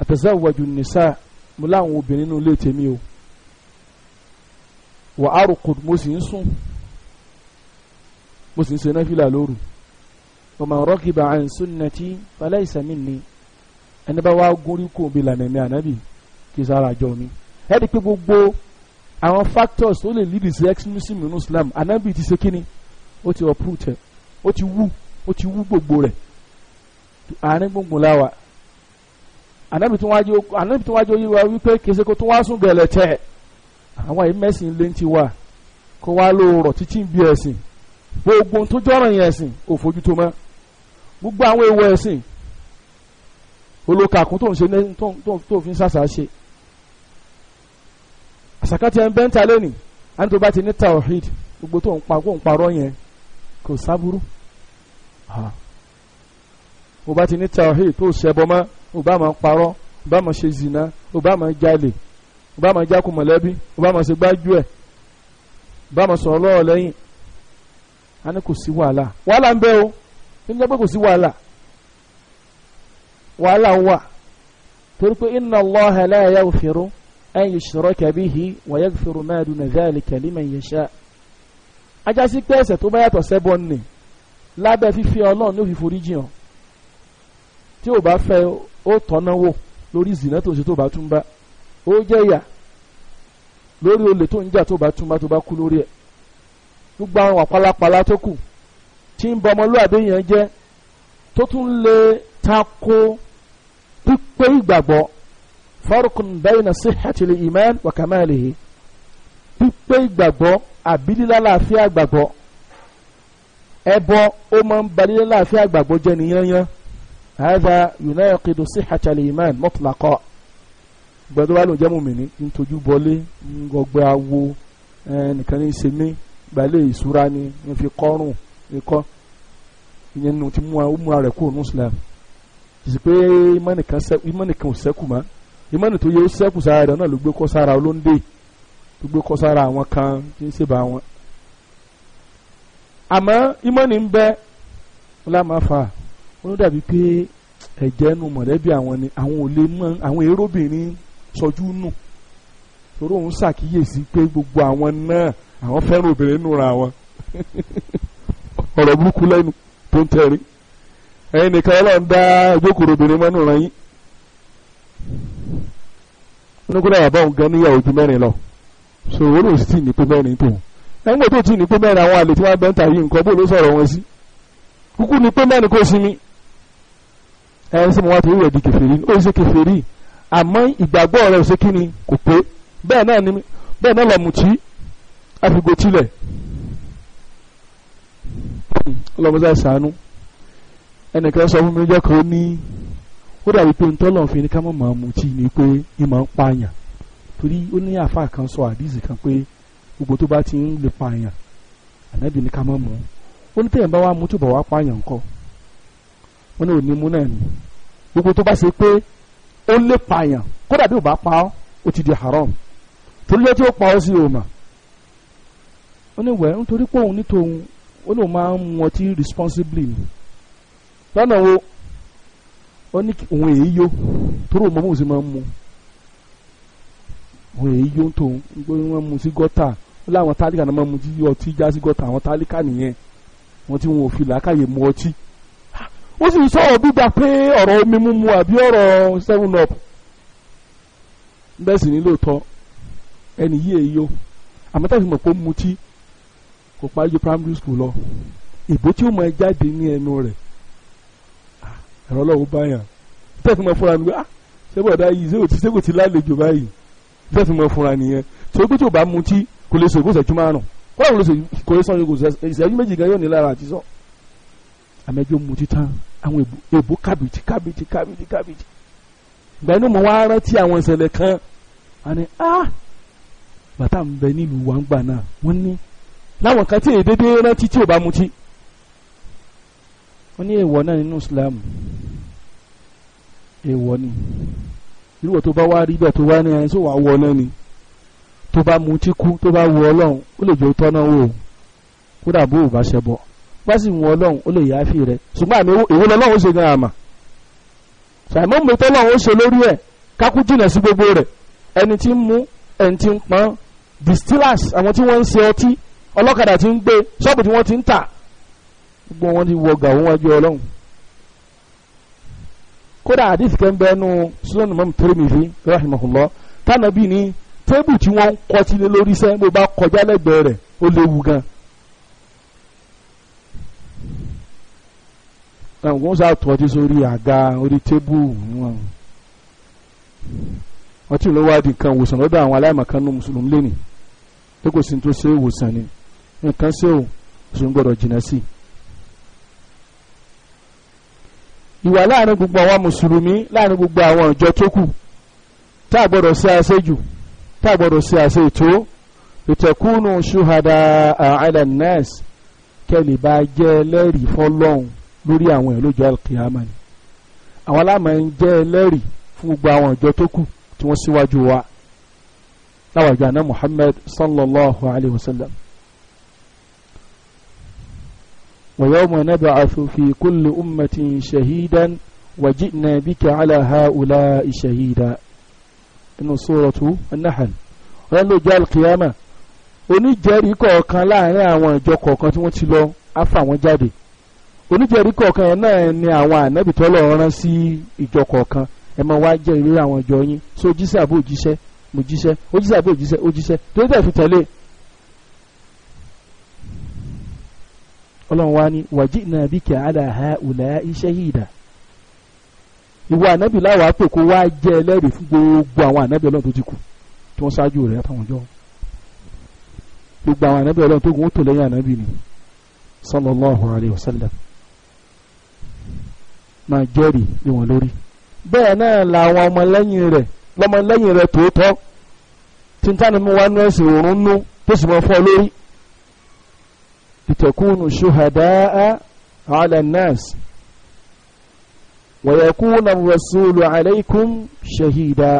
atazawwaju nisa mo láwọn obìnrin nínú ilé tèmi o wà á rùkù mo sì ń sùn mo sì ń ṣe náfìlà lóru wa man rakiba an sunnati falaysa minni ẹni bá wá gúnrí kò bí lànà mi ànábì kì í sára àjọ mi ẹ di pé gbogbo àwọn factors tó lè lead to extremism nínú Islam ànábì ti ṣe kíni ó ti uproot ẹ ó ti wú ó ti wú gbogbo rẹ̀ àárín gbùngbùn láwàá anabi tí wọ́n ajó yíwa wípé kèsè kó tó wá sùn gẹ̀lẹ̀ tẹ̀ àwọn yìí mẹ́sìn lé ti wà kó wá ló rọ̀ títí bí ẹ̀sìn gbogbo tó jọ̀rọ̀ yẹn ẹ̀sìn ò fojú tó mọ́ gbogbo àwọn ewu ẹ̀sìn olókàkún tó ń ṣe tó fi ń sàṣà ṣe àṣàkàtì ẹ̀ ń bẹ́ńtà lẹ́nì àni tó bá ti ní tawhid gbogbo tó ń pa kó ń parọ́ yẹn kò sábúrú o bá ti ní tawhid tó ṣẹbọ mọ́ o bá máa parọ́ o bá máa ṣe zina o bá máa jalè o bá máa jákun mọ̀lẹ́bí o bá máa ṣe gbájú ẹ̀ o bá máa sọ̀rọ̀ lọ́wọ́ lẹ́yìn a ní kò sí wàhálà wàhálà ń bẹ o ní nígbà pé kò sí wàhálà wàhálà wà torí pé inna Allaha la yaghfiru an yushraka bihi wa yaghfiru ma duna dhalika liman yasha ajá sí pé ẹ̀ṣẹ̀ tó bá yàtọ̀ sẹ́bọ̀ nì lábẹ́ fífi Ọlọ́run ló fi forí jìn tí ò bá fẹ́ ó tọ́ná wò lórí zina tó ń ṣe tó bá tún bá ó jẹ́ ìyà lórí olè tó ń jà tó bá tún bá tó bá kú lórí ẹ̀ gbogbo àwọn àpálápàlá tó kù tí ń bọ ọmọlúwàbí yẹn jẹ́ tó tún lè tako pípé ìgbàgbọ́ farqun bayna sihhatil iman wa kamalihi pípé ìgbàgbọ́ àbílílá láàfin àgbàgbọ́ ẹbọ ó máa ń balílá láàfin àgbàgbọ́ jẹ́ nìyẹn yẹn. هذا يناقض صحة الإيمان مطلقا gbẹdọ wa ló jẹ mùmíní ntójú bọlé ngọgbẹ awo nìkan ní sèmi gbalẹ ìṣúra ni n fi kọrùn ikọ ìyẹn nu ti mú a ó mú a rẹ kúrò ní islam jìsì pé ìmọ̀nìkan ò sẹ́kù mọ́ ìmọ̀nì tó yẹ ó sẹ́kù sára rẹ̀ náà ló gbé kọ́ sára olóńdè tó gbé kọ́ sára àwọn kan tí ń ṣèbà wọn. àmọ́ ìmọ̀nì ń bẹ ọlá máa fà á wọn dàbí pé ẹ̀jẹ̀ nu mọ̀lẹ́bí àwọn ni àwọn ò lè mọ àwọn èròbìnrin sọjú nù torí òun ṣàkíyèsí pé gbogbo àwọn náà àwọn fẹ́ràn obìnrin nù ra wọn ọ̀rọ̀ burúkú lẹ́nu tó ń tẹ̀rí ẹ̀yin nìkan ọlọ́run dá ìjókòrò obìnrin mọ́nú ra yín onígbọ́dọ̀ yàrá báwọn gan níyàwó ju mẹ́rin lọ so owó lòun sì tì ní pé mẹ́rin tó ẹ̀ ń tó tì ní pé mẹ́rin àwọn àlè tí wọ́n bẹ́ẹ̀ ń tàbí nǹkan bó ló sọ̀rọ̀ wọn sí kúkú ní pé mẹ́rin kò sinmi ẹ ṣé mo wá ti rí rẹ̀ di kèfèrí ó ṣe kèfèrí àmọ́ ìgbàgbọ́ rẹ̀ ò ṣe kí ni kò pé bẹ́ẹ̀ náà ni bẹ́ẹ̀ náà lọ́mùtí àfìgò tilẹ̀ ọlọ́mọdé ṣàánú ẹnìkan sọ fún mi níjọ́ kan ní ó dàbí pé ntọ́lọ̀ fi ní ká mọ̀ máa mutí ni pé ní máa ń pààyàn torí ó ní àáfàá kan sọ àdìsí kan pé gbogbo tó bá ti ń lè pààyàn ànábì ní ká mọ̀ mọ́ ó ní tẹ̀yìn bá wá mutí bọ̀ wá pààyàn ńkọ́ wọn ní òní náà ni gbogbo tó bá ṣe pé ó lè pààyàn kódà bí ò bá pa ọ́ ó ti di haram torí ọjọ́ tí ó pa ọ́ sí òmà ó ní wẹ̀ nítorí pé òun ní tòun ó lóun máa ń mu ọtí responsibly ni lọ́nà wo ó ní òun èyí yó torí òun mọ bóun sì máa ń mu òun èyí yó tòun gbóyún wọn mu sí gọ́tà ó láwọn tálíkà náà máa mu ọtí já sí gọ́tà àwọn tálíkà nìyẹn wọn tí wọn ò fi làákàyè mu ọtí ó sì ń sọ̀rọ̀ gbígba pé ọ̀rọ̀ omi mímu àbí ọ̀rọ̀ seven up bẹ́ẹ̀ sì ní lóòótọ́ ẹnì yí èyí o àmọ́ táyà fi mọ̀ pé ó mutí kò parí ju primary school lọ ìbò tí ó mọ jáde ní ẹnu rẹ̀ ẹ̀rọ ọlọ́run báyàn táyà fi mọ̀ fúnra ni pé ah sẹ́gbọ̀dá yìí ṣé kò ti ṣé kò ti lálejò báyìí táyà fi mọ̀ fúnra nìyẹn tí ó gbé tí ò bá mutí kò lè sògbó ìṣẹ́jú márùn kọ́lá kò lè sògbó ìṣẹ́jú méjì gan yóò ní lára àti sọ àmẹ́jọ́ mutí tán àwọn èbó cabbage cabbage cabbage cabbage ìgbà inú mo wá rántí àwọn ìṣẹ̀lẹ̀ kan wọn ah bàtà ń bẹ nílùú wa ń gbà náà wọn ní láwọn kan tí èdèdè rántí tí ò bá mutí wọn ní èèwọ̀ náà nínú Islam èèwọ̀ ni irú tó bá wá rí bẹ́ẹ̀ tó wá ní ẹni tó wà wọ náà ni tó bá mutí kú tó bá wọ Ọlọ́run ó lè jẹ́ tọ́ náà wò kódà bó o bá ṣẹ bọ̀ wá sì wọn ọlọ́run ó lè yááfì rẹ ṣùgbọ́n àmì ìwé lọ́lọ́run ó ṣe gan àmà ṣàmọ́ mẹ́tọ́ lọ́run ó ṣe lórí ẹ̀ kákú jìnà sí gbogbo rẹ̀ ẹni tí ń mú ẹni tí ń pọn distillers àwọn tí wọ́n ń ṣe ọtí ọlọ́kadà tí ń gbé ṣọ́ọ̀bù tí wọ́n ti ń tà gbogbo wọn ti wọ gàwọn wájú ọlọ́run kódà àdìsí kẹ́ńbẹ́ nu sùnánù mọ́mù Tirmidhi rahimahullah tánàbí ni tébù tí wọ́n ń kọtí lé lórí sẹ́ bá kọjá lẹ́gbẹ̀ẹ́ rẹ̀ ó léwu gan-an wọ́n sá tọ́ ọtí sórí àga orí tébù wọn ọtí ló wá di nǹkan wòsàn lọ́dọ̀ àwọn aláìmọ̀kan nù mùsùlùmí lẹ́nìí pé kò sí ní tó ṣe é wòsàn ni nǹkan ṣe ò sùn gbọ́dọ̀ jìnnà sí i. ìwà láàrin gbogbo àwọn mùsùlùmí láàrin gbogbo àwọn ìjọ tó kù tá a gbọdọ̀ ṣe àṣejù tá a gbọdọ̀ ṣe àṣe ètò ìtẹ̀kùnù ṣùhàdà àìlẹ̀ nẹ́ẹ̀sì kẹ́lì bá jẹ́ ẹlẹ́rìí fọlọ́hún lórí àwọn èèyàn lójú alkiyama ni àwọn aláàmọ ń jẹ́ ẹlẹ́rìí fún gbogbo àwọn ìjọ tó kù tí wọ́n síwájú wa láwàjọ àná Muhammad sallallahu alayhi wa sallam. ويوم نبعث في كل أمة شهيدا وجئنا بك على هؤلاء شهيدا inú sórọ̀tù An-Nahl wọ́n ló jẹ́ alkiyama oníjẹ́rìí kọ̀ọ̀kan láàrin àwọn ìjọ kọ̀ọ̀kan tí wọ́n ti lọ á fà jáde oníjẹ̀rí kọ̀ọ̀kan yẹn náà ni àwọn ànábì tọ́lọ̀ rán sí ìjọ kọ̀ọ̀kan ẹ máa wá jẹ́ ìrírí àwọn ìjọ yín so jíṣẹ́ àbò jíṣẹ́ mo jíṣẹ́ ó àbò jíṣẹ́ ó jíṣẹ́ torí tẹ̀ fi tẹ̀lé ọlọ́run wa ni wajina bika ala haulai shahida ìwọ ànábì láwọn àpè kó wá jẹ́ ẹlẹ́rìí fún gbogbo àwọn ànábì ọlọ́run tó ti kù tí wọ́n ṣáájú rẹ̀ àtàwọn ọjọ́ gbogbo àwọn ànábì ọlọ́run tó kù wọ́n tò lẹ́yìn ànábì ni sallallahu alayhi wa sallam máa jẹ́rìí lé wọn lórí bẹ́ẹ̀ náà làwọn ọmọlẹ́yìn rẹ̀ lọ́mọlẹ́yìn rẹ̀ tòótọ́ tí n tánu mú wá nú ẹ̀sìn òórùn nú tó sì mọ́ fọ́ lórí ìtẹ̀kùnù ṣùhàdáà ala nas wàyẹ̀kùnà rasúlù alaykum ṣahida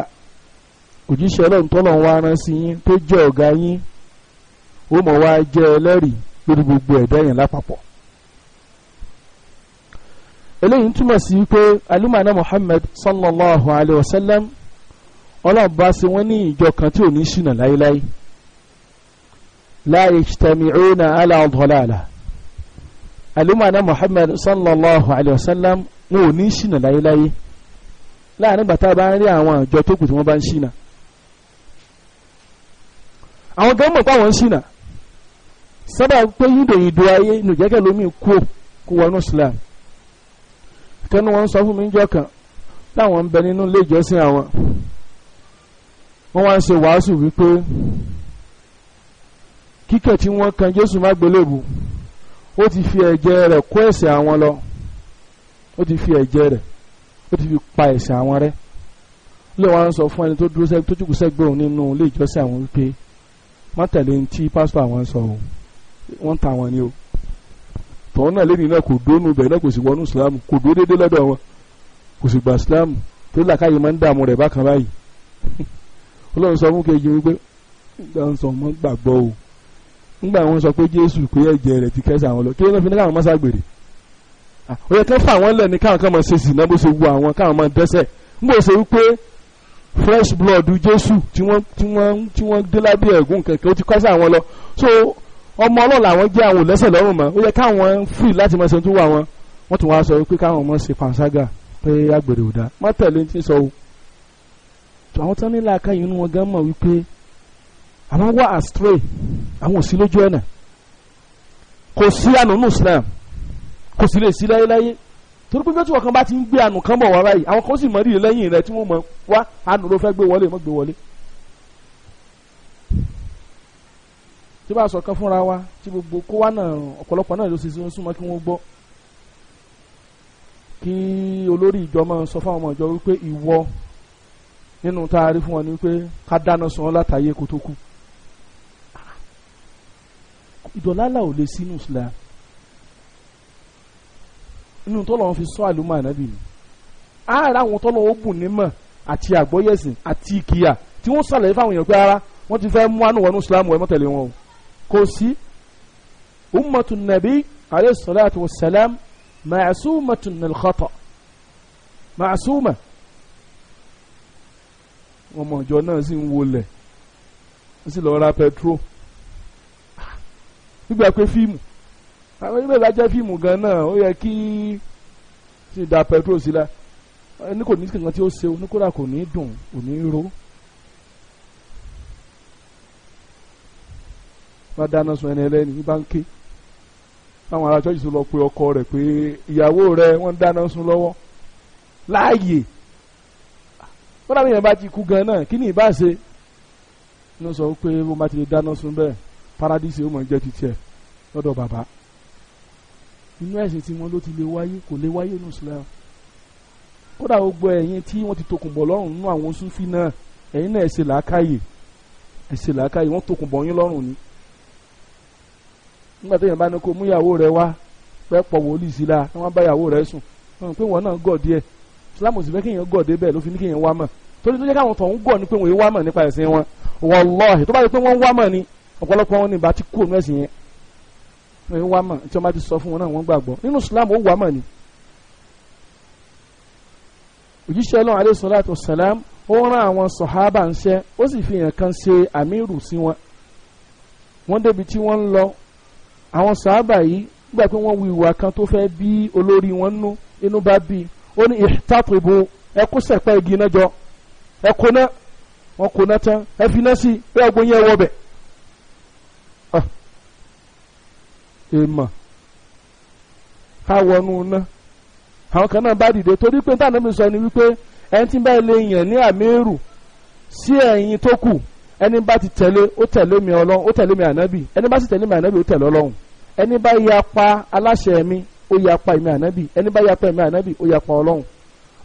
òjíṣẹ́ lọ́n tọ́lọ̀ wá rán sí yín tó jẹ́ ọ̀gá yín ó mọ̀ wá jẹ́ ẹlẹ́rìí lórí gbogbo ẹ̀dá yẹn lápapọ̀ eléyìí túmọ̀ sí pé alimana Muhammad sallallahu alayhi wa sallam ọlọ́ọ̀bá sí wọn ní ìjọ kan tí ò ní ṣìnà láéláé la yajtami'una ala ad-dalala alimana Muhammad sallallahu alayhi wa sallam wọn ò ní ṣìnà láéláé láàrin bàtà bá ń rí àwọn àjọ tó kù tí wọ́n bá ń ṣìnà àwọn gan mọ̀ pé ń ṣìnà sábà pé yídòyìndò ayé nìjẹ́kẹ̀ lómi kú kó wọnú Islam kẹ́nu wọn sọ fún mi níjọ́ kan láwọn ń bẹ nínú ilé ìjọsìn àwọn wọ́n wá ń ṣe wàásù wípé kíkẹ̀ tí wọ́n kan Jésù má gbélébù ó ti fi ẹ̀jẹ̀ rẹ̀ kó ẹ̀ṣẹ̀ àwọn lọ ó ti fi ẹ̀jẹ̀ rẹ̀ ó ti fi pa ẹ̀ṣẹ̀ àwọn rẹ́ lè wá ń sọ fún ẹni tó dúró sẹ́gbẹ́ tó jùkú sẹ́gbẹ́ òun nínú ilé ìjọsìn àwọn wípé má tẹ̀lé ní tí pásítọ̀ àwọn sọ o wọ́n ta àwọn ni o tọ́wọ́n náà lẹ́yìn náà kò dónú bẹ̀rẹ̀ náà kò sì wọnú islam kò dó déédéé lọ́dọ̀ wọn kò sì gba islam tó làkàyè máa ń dààmú rẹ̀ bákan báyìí ọlọ́run sọ fún kejì wípé nígbà wọn sọ wọn gbàgbọ́ o nígbà wọn sọ pé jésù pé ẹ̀jẹ̀ rẹ̀ ti kẹ́sà àwọn lọ kí wọn fi ní káwọn mọ́sá gbèrè ó yẹ kí fún àwọn lẹ́ni káwọn kan máa ṣe sì náà bó ṣe wu àwọn káwọn máa dẹ́sẹ̀ ń bò ṣe wípé fresh blood jésù tí wọ́n tí wọ́n tí wọ́n dé lábẹ́ ẹ̀gún kẹ̀kẹ́ ó ti kọ́sà àwọn lọ so ọmọ ọlọ́run làwọn jẹ́ àwọn òlẹ́sẹ̀ lọ́rùn mọ́ ó yẹ káwọn free láti máa ṣe tó wà wọn wọ́n tún wá sọ pé káwọn ọmọ ṣe fàǹságà pé agbèrè ò dá má tẹ̀lé ti sọ o tó àwọn tán nílà káyọ̀ inú wọn gan mọ̀ wípé àwọn wà astray àwọn ò sí lójú ẹ̀nà kò sí ànúnú Islam kò sí lè sí láyéláyé torí pé bí wọ́n kan bá ti ń gbé ànú kan bọ̀ wá báyìí àwọn kan sì mọ̀ rí lẹ́yìn rẹ̀ tí wọ́n mọ̀ wá ànú ló fẹ́ gbé wọlé mọ́ gbé wọlé tí bá a sọ̀kan fúnra wa tí gbogbo kó wa náà ọ̀pọ̀lọpọ̀ náà ló ṣe súnmọ́ kí wọ́n gbọ́ kí olórí ìjọ máa sọ fáwọn ọmọ ìjọ wípé ìwọ nínú tá a rí fún wọn ni wípé ká dáná sun wọn látàyè kó tó kú ìdọ̀lálà ò lè sínú Islam inú tọ́lọ́run fi sọ àlùmọ́ ànábì ni ara àwọn tọ́lọ́run ó bùn nímọ̀ àti àgbọ́yẹ̀sìn àti ìkìyà tí wọ́n sàlẹ̀ fáwọn èèyàn pé ara wọ́n ti fẹ́ mú àánú wọnú Islam ẹ̀ mọ́tẹ̀lé wọn o kò sí ummatu nabi alayhi salatu wa salam maasumatu nil khata maasuma wọn mọ ìjọ náà sì ń wọlé ó sì lọ ra petro nígbà pé fíìmù àwọn ilé ìlà jẹ́ fíìmù gan náà ó yẹ kí sì da petro sílẹ̀ ẹni kò ní kankan tí ó ṣe oníkóra kò ní dùn kò ní ro má dáná sun ẹni ẹlẹ́ni bá ń ké àwọn ará church tó lọ pe ọkọ rẹ̀ pé ìyàwó rẹ̀ wọ́n ń dáná sun lọ́wọ́ láàyè wọ́n dàbí bá ti kú gan náà kí ni ìbá ṣe ní sọ pé wọ́n bá ti lè dáná sun bẹ́ẹ̀ paradíṣe ó mọ̀ ń jẹ́ ti tiẹ̀ lọ́dọ̀ bàbá inú ẹ̀sìn tí wọ́n ló ti lè wáyé kò lè wáyé nù sílẹ̀ kódà gbogbo ẹ̀yin tí wọ́n ti tokùnbọ̀ lọ́rùn nínú àwọn Súfí náà ẹ̀yin náà ẹ ṣe làákàyè ẹ ṣe làákàyè wọ́n tokùnbọ̀ yín lọ́rùn ni nígbà téèyàn bá ní kó mú ìyàwó rẹ wá fẹ́ pọ̀ wòlíì sí la wọ́n bá ìyàwó rẹ sùn wọ́n pé wọ́n náà gọ̀ díẹ̀ Islam sì fẹ́ kéèyàn gọ̀ dé bẹ́ẹ̀ ló fi ní kéèyàn wá mọ̀ torí tó jẹ́ káwọn tó ń gọ̀ ni pé wọ́n wá mọ̀ nípa ẹ̀sìn wọn wọ́lọ́ọ̀hì tó bá yẹ pé wọ́n wá mọ̀ ni ọ̀pọ̀lọpọ̀ wọn ni ìbá ti kú òun ẹ̀sìn yẹn wọ́n wá mọ̀ tí wọ́n bá ti sọ fún wọn náà wọ́n gbàgbọ́ nínú Islam ó wá mọ̀ ni. òjíṣẹ́ ọlọ́run alayhi salatu wassalam ó rán àwọn sọ̀hábà ń ṣẹ́ ó sì fi àwọn sàábà yìí nígbà pé wọ́n wu ìwà kan tó fẹ́ bí olórí wọn nú inú bá bí ó ní ìtàkùbù ẹkú sẹ̀pá igi náà jọ ẹkú náà wọn kò náà tán ẹ fi náà sí ẹ ọgbọ́n yẹn wọ bẹ̀. Ah. èèmọ̀ ká wọnú náà àwọn kan náà bá dìde torí pé táwọn ẹ̀mí sọ ni wípé ẹni tí ń bá ilé yàn ní àmẹ́rù sí ẹ̀yìn tó kù ẹni bá ti tẹ̀lé ó tẹ̀lé mi ọlọ́run ó tẹ̀lé mi ànábì ẹni bá sì tẹ̀lé mi ànábì ó tẹ̀lé ọlọ́run ẹni bá yapa aláṣẹ mi ó yapa èmi ànábì ẹni bá yapa èmi ànábì ó yapa ọlọ́run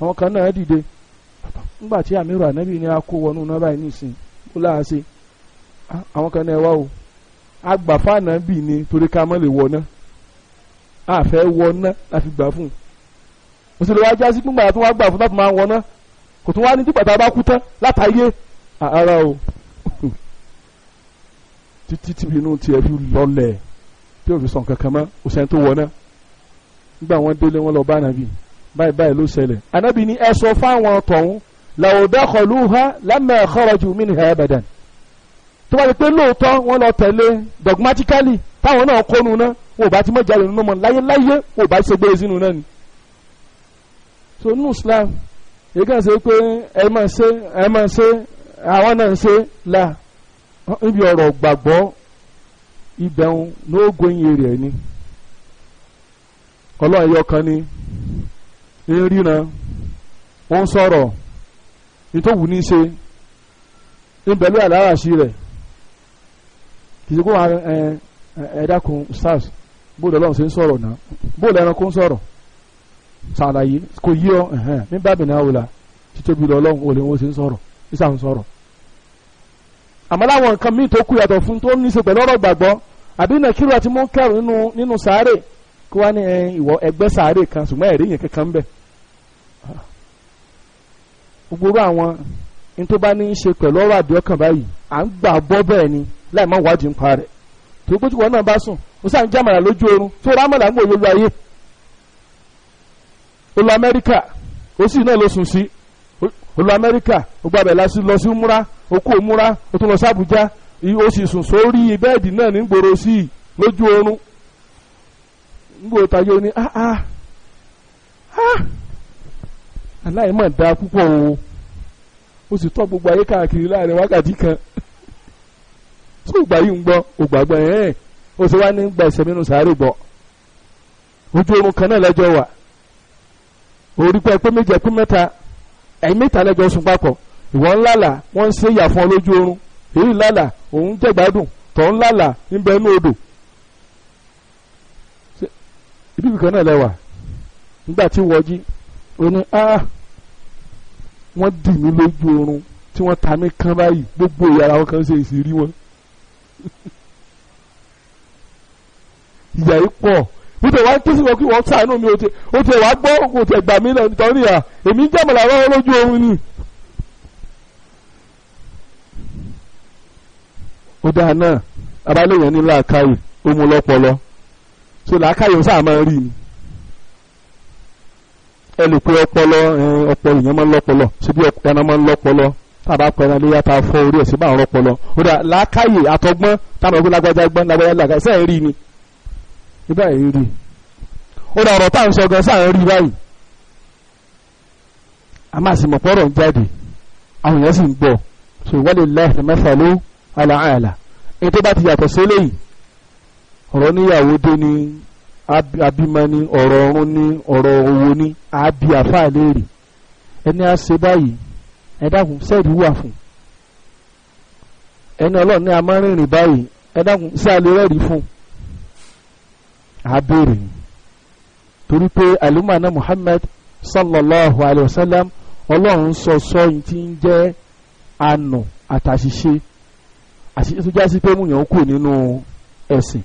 àwọn kan náà dìde nígbà tí àmì rà ànábì ni a kó wọnú náà báyìí nìsín ó láàṣẹ àwọn kan náà wá o àgbà fànàbì ni torí ká mọ́ lè wọ náà àfẹ́ wọ náà láfi gbà fún un òṣèlú wa jásí gbígbà tó wá gbà fún láti máa wọ náà kò tún wá ní dìgbà tá a bá kú tán látàyè ara o títí tìbínú tiẹ̀ fi lọlẹ̀ tí ò fi sọ nǹkan kan mọ́ kò sẹ́ni tó wọ náà nígbà wọn délé wọn lọ bá ànábì báyìí báyìí ló ṣẹlẹ̀ ànábì ní ẹ sọ fáwọn tọ̀hún làwòdákọ̀lùhà lámà ẹ̀kọ́rọ̀jù minha abadan tó bá di pé lóòótọ́ wọn lọ tẹ̀lé dogmatically táwọn náà kónú náà wọn ò bá ti mọ̀ jáde nínú mọ̀ láyéláyé wọn bá ti ṣe gbé sínú náà ni. so nínú Islam èyí kan ṣe pé ẹ máa ṣe ẹ máa ṣe àwọn náà ń ṣe là níbi ọ̀rọ̀ gbàgbọ́ ibẹ̀hún n'ógoyin èrè ẹ̀ ni ọlọ́run yọ kan ni ń ríran ó ń sọ̀rọ̀ nítòwú ní í ṣe ń bẹ̀lú àláràṣí rẹ̀ kìí kó ẹ̀ẹ́dàkùn sars bóòlù ọlọ́run ṣe ń sọ̀rọ̀ náà bóòlù ẹranko ń sọ̀rọ̀ ṣàlàyé kò yí ọ ní bábìnrin àwòlà títóbi lọ́lọ́run olè wọn ṣe ń sọ̀rọ̀ ìṣà àmọ́ láwọn nǹkan míì tó kú yàtọ̀ fún tó ní í ṣe pẹ̀lú ọ̀rọ̀ gbàgbọ́ àbí nàkírù àti múnkẹ́rù nínú nínú sàárè kí wọ́n ní ìwọ ẹgbẹ́ sàárè kan ṣùgbọ́n ẹ̀rí yẹn kankan ń bẹ. gbogbo àwọn ní tó bá ní í ṣe pẹ̀lú ọ̀rọ̀ àdìọ́kàn báyìí à ń gbà bọ́ bẹ́ẹ̀ ni láì má wádìí ń pa rẹ̀ tó gbójú wọn náà bá sùn ó sàn ń jàmàlà lójú oorun tó rámọ̀là ń wò lólu ayé olú amẹ́ríkà ó sì náà ló sùn sí olú amẹ́ríkà ó gbàbẹ̀ lọ múra ó kú òmúra ó tún lọ sí àbújá ó sì sùn sórí bẹ́ẹ̀dì náà ní gbòòrò sí i lójú oorun ngbòòrò tayo ni ah ah ah aláìmọ̀ da púpọ̀ o ó sì tọ́ gbogbo ayé káàkiri láàrin wákàtí kan tó gbà yìí ń gbọ́ ògbàgbọ́ yẹn ó sì wá ní gba ẹsẹ̀ nínú sàárè gbọ́ ojú oorun kan náà lẹ́jọ́ wà orí pé pé méje pé mẹ́ta ẹ̀yìn mẹ́ta lẹ́jọ́ sùn papọ̀ ìwọ ńlá là wọ́n ń ṣe ìyà lójú oorun èyí lálà òun jẹ̀gbádùn tọ̀hún lálà níbẹ̀ inú odò ibi kan náà lẹ́wà nígbà tí wọ́jí ó ní ah wọ́n dì mí lójú oorun tí wọ́n ta mí kán báyìí gbogbo ìyàrá wọn kan ṣe ìṣírí wọn ìyà yìí pọ̀ nítorí wàá ké sí wọn kí wọ́n sàánú mi ó ti wàá gbọ́ kò tẹ̀ gbà mí lọ nítorí à èmi jẹ́ mọ̀lára lójú oorun ni. ó dáa náà abáléèyàn ní làákàyè ó mú lọ́pọlọ so làákàyè ń sáà máa rí ni ẹ lè pe ọpọlọ ọpọlọ èèyàn máa ń lọ́pọlọ síbi ẹran máa ń lọ́pọlọ tàbá pẹran léyà tá a fọ orí ẹ̀ síbà ń rọpọlọ ó dáa làákàyè àtọgbọ́n táwọn ọgbọ́n lágbájá gbọ́n lágbájá làákàyè sẹ́ẹ̀ rí ni nígbà yìí rí ó dáa ọ̀rọ̀ táwọn sọ gan sáà ń rí báyìí a máa sì mọ̀ pọ́rọ̀ ń jáde àwọn èèyàn sì ń gbọ́ so wọ́n lè lẹ́ẹ̀fẹ̀ mẹ́fà ló àlàáàlà ẹni tó bá ti yàtọ̀ sí eléyìí ọ̀rọ̀ níyàwó dé ní abímọ ní ọ̀rọ̀ ọ̀run ní ọ̀rọ̀ owó ní àbí àfáà léèrè ẹni á ṣe báyìí ẹ dákun sẹ́ẹ̀dì wà fún ẹni ọlọ́run ní amárìnrìn báyìí ẹ dákun sí alẹ́ rẹ́rìí fún àbèrè torí pé alimana Muhammad sallallahu alayhi wa sallam ọlọ́run sọ sọ́yìn tí ń jẹ́ ànà àtàṣìṣe àṣírí tó jásí pé múyàn kù nínú ẹ̀sìn.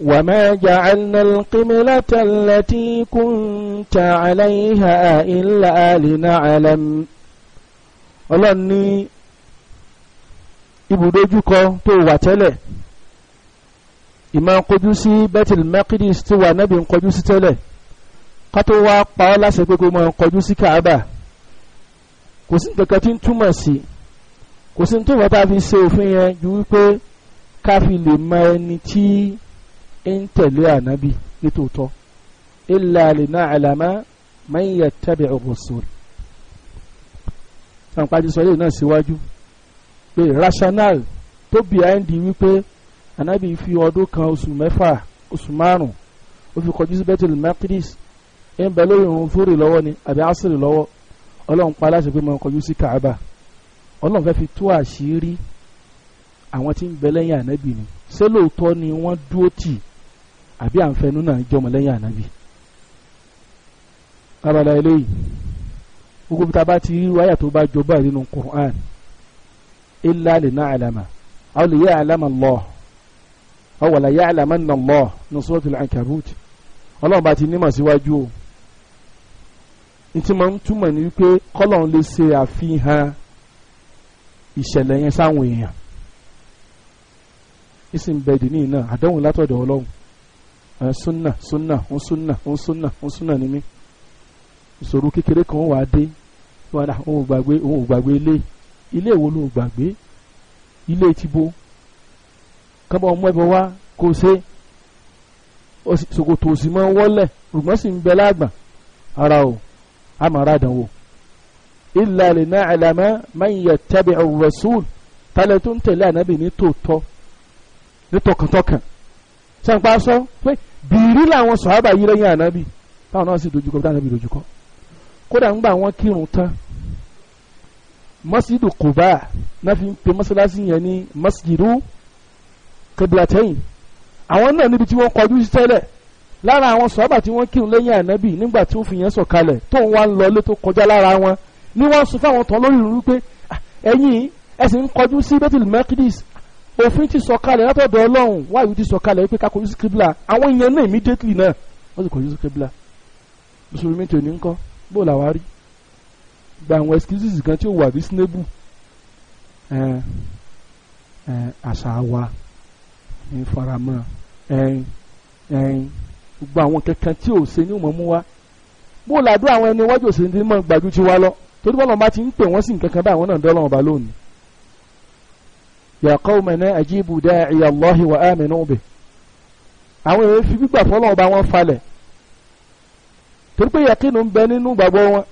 وما جعلنا القبلة التي كنت عليها إلا لنعلم ọlọ́run ní ibùdójúkọ tó wà tẹ́lẹ̀ ìmọ̀ kọjú sí Bethel Maqdis tó wà nábì ń kọjú sí tẹ́lẹ̀ ká tó wá pa ọ́ láṣẹ pé kó máa kọjú sí Kaaba kò sí nǹkan tí ń túmọ̀ sí kò sí tó bàtà fi ṣe òfin yẹn ju wípé ká fi lè mọ ẹni tí ń tẹ̀lé ànábì nítòótọ́ illa li na'lama man yattabi'u ar-rusul. sàǹpájì sọ yìí náà síwájú pé rational tó behind wípé ànábì fi ọdún kan oṣù mẹ́fà oṣù márùn-ún ó fi kọjú sí Baitul Maqdis ń bẹ lórí òun fúri lọ́wọ́ ni àbí asiri lọ́wọ́ ọlọ́run pa aláṣẹ pé mo kọjú sí Kaaba ọlọ́run fẹ́ fi tú àṣírí àwọn tí ń bẹ lẹ́yìn ànábì ni ṣé lóòótọ́ ni wọ́n dúró tì àbí àǹfẹ̀nú náà jọmọ lẹ́yìn ànábì. abala eléyìí gbogbo bí ta bá ti rí wáyà tó bá jọba nínú Qur'an illa lè ná àlàmà aw lè yẹ àlàmà lọ aw yẹ àlàmà nà lọ ní suratul Ankabut ọlọ́run bá ti nímọ̀ síwájú o ntí máa ń túmọ̀ ní wípé kọ́lọ́n lè ṣe àfihàn ìṣẹ̀lẹ̀ yẹn sáwọn èèyàn ìsìn bẹ̀dì ní iná àdéhùn látọ̀dọ̀ ọlọ́run sunna sunna ń sunna ń sunna ń sunna ni mí ìṣòro kékeré kan wà á dé wọn náà òun ò gbàgbé òun ò gbàgbé ilé ilé wo ló gbàgbé ilé ti bo ọmọ ẹ̀bọ wá kó o ṣe ṣòkòtò òsì máa ń wọ́lẹ̀ rùgbọ́n sì ń bẹ láàgbà ara o àmàrà àdánwò illa lina'lama man yattabi'u rasul tálẹ̀ tó ń tẹ̀lé ànábì ní tòótọ́ ní tọkàntọkàn sàǹpà sọ pé bìrì làwọn sọ̀hábà yí lẹ́yìn ànábì táwọn náà sì dojúkọ bí ànábì dojúkọ kódà ń gbà wọ́n kírun tán masjidu Quba náà fi ń pe masalasi yẹn ní masjidu kébìlàtẹ́yìn àwọn náà níbi tí wọ́n kọjú sí tẹ́lẹ̀ lára àwọn sọ́ọ́bà tí wọ́n kírun lẹ́yìn ànábì nígbà tí ó fi yẹn sọ̀kalẹ̀ tó ń wá ń lọlé tó kọjá lára wọn ni wọ́n sọ fáwọn tán lórí ìrú pé ah, ẹ̀yin ẹ sì ń kọjú sí Bethel Mekdis òfin ti sọ̀kalẹ̀ látọ̀dọ̀ Ọlọ́run wáyé ti sọ̀kalẹ̀ pé ká kọjú sí àwọn èèyàn náà immediately náà wọ́n sì kọjú sí kíbla mùsùlùmí tó ní ńkọ́ bó làwa rí gba àwọn excuses kan tí ó wà reasonable ẹ ẹ àṣà gbogbo àwọn kankan tí ò ṣe ní ìmọ̀ mú wa bó o làdó àwọn ẹni iwájú òṣèlú ní mọ̀ gbàjú ti wá lọ torí bọ́lá ọba ti ń pè wọ́n sí nǹkan kan báyìí wọ́n náà dọ́lọ́ ọba lónìí. ya qawmana ajibu da'iya Allahi wa aminu bihi àwọn èèyàn fi gbígbà fọlọ́ ọba wọn falẹ̀ torí pé yàkínú ń bẹ nínú gbàgbọ́ wọn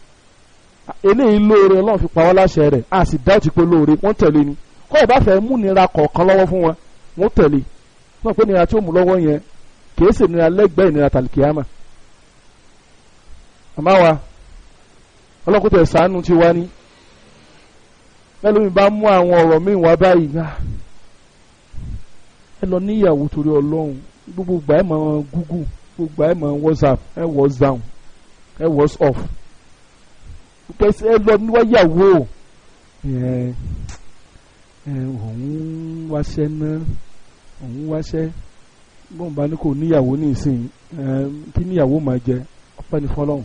eléyìí lóore ọlọ́run fi pa láṣẹ rẹ̀ a sì dá òtí pé lóore wọ́n tẹ̀lé ni kọ́ ọ̀bá fẹ́ múnira kọ̀ọ̀kan lọ́wọ́ fún wọn wọ́n tẹ̀lé wọ́n pé nira tí ó mú lọ́wọ́ yẹn kìí sì nira lẹ́gbẹ̀ẹ́ ìnira tàlìkìyàmà àmọ́ wa ọlọ́kùtẹ̀ sànù ti wá ní mẹ́lòmí bá mú àwọn ọ̀rọ̀ míì wá báyìí náà ẹ lọ níyàwó torí ọlọ́run gbogbo gbà ẹ̀ mọ̀ Google gbogbo ẹ̀ mọ̀ WhatsApp ẹ̀ wọ́s down ẹ̀ wọ́s off pẹ̀sẹ̀ ẹ lọ níwáyàwó ẹ̀ ẹ̀ òun wáṣẹ́ náà òun wáṣẹ́ bóun bá ní kò níyàwó ní ìsìn kí níyàwó máa jẹ ọpẹ́ ní fọlọ́hún ó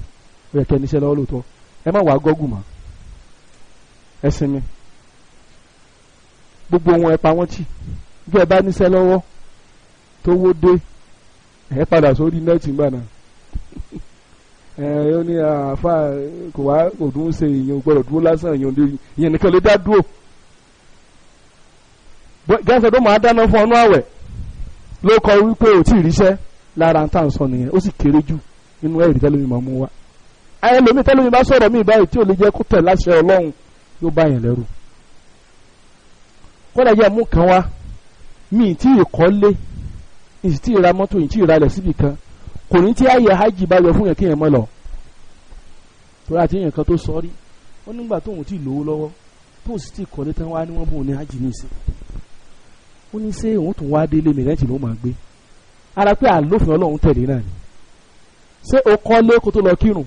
yẹ kẹ́ níṣẹ́ lọ́wọ́ lóòótọ́ ẹ má wàá gọ́gùn mọ́ ẹ sinmi gbogbo wọn ẹ pa wọ́n tì bí ẹ bá níṣẹ́ lọ́wọ́ tó wó dé ẹ padà sórí nẹ́ẹ̀tì ńgbà náà ẹ ó ní àáfà kò wá kò dùn ṣe ìyẹn gbọ́dọ̀ dúró lásán ìyẹn òde ìyẹn nìkan ló dá dúró gẹ́sẹ̀ tó máa dáná fún ọnú ló kọ wípé ò tí ì ríṣẹ́ lára ń tà ń sọ nìyẹn ó sì kéré jù nínú ẹ̀rí tẹ́lómi máa mú wa ẹlòmíì tẹ́lómi bá sọ̀rọ̀ míì báyìí tí ò lè jẹ́ kó tẹ̀ láṣẹ ọlọ́run yóò bá yẹn lẹ́rù kódà yẹ mú kan wá mi tí ì kọ́lé ìsì tí ì ra mọ́tò ìtì ì ralẹ̀ síbi kan kò ní tí àyè hajj bá yọ fún yẹn kí yẹn mọ́ lọ torí àti yẹn kan tó sọ rí ó nígbà tóun ti lówó lọ́wọ́ tóun sì ti kọ́lé tán wá ní wọ́n bóun ní hajj ní ìsìn ó ní ṣé òun tún wá délé mi rẹ́ǹtì ló máa gbé ara pé àlófin ọlọ́run tẹ̀lé náà ni ṣé o kọ́lé kó tó lọ kírun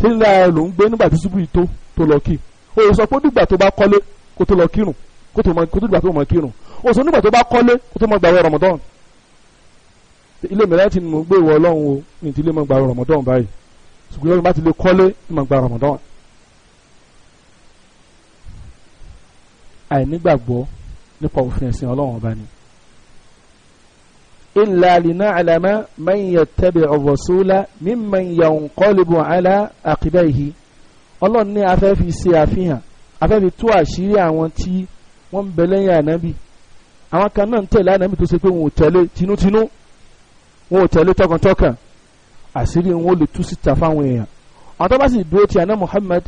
ṣé nílẹ̀ ló ń gbé nígbà tí ṣubú yìí tó tó lọ kí o sọ pé nígbà tó bá kọ́lé kó tó lọ kírun kó tó nígbà tó mọ kírun o sọ nígbà tó bá kọ́lé kó tó mọ gbàwé Ramadan ilé mi rẹ́ǹtì mo gbé ìwọ ọlọ́run o ní ti ilé mọ gbàwé Ramadan báyìí ṣùgbọ́n yọ̀ọ́ bá ti lè kọ́lé mọ gbàwé Ramadan àìnígbàgbọ́ nípa òfin ẹ̀sìn ọlọ́run ọba ni. illa lina'lama man yattabi'u ar-rasula mimman yanqalibu ala aqibaihi ọlọ́run ní afẹ́ fi ṣe àfihàn afẹ́ fi tú àṣírí àwọn tí wọ́n ń bẹ lẹ́yìn ànábì àwọn kan náà ń tẹ̀lé ànábì tó ṣe pé wọn ò tẹ̀lé tinútinú wọn ò tẹ̀lé tọkàntọkàn àṣírí wọn ò lè tú síta fáwọn èèyàn àwọn tó bá sì dúró ti àná Muhammad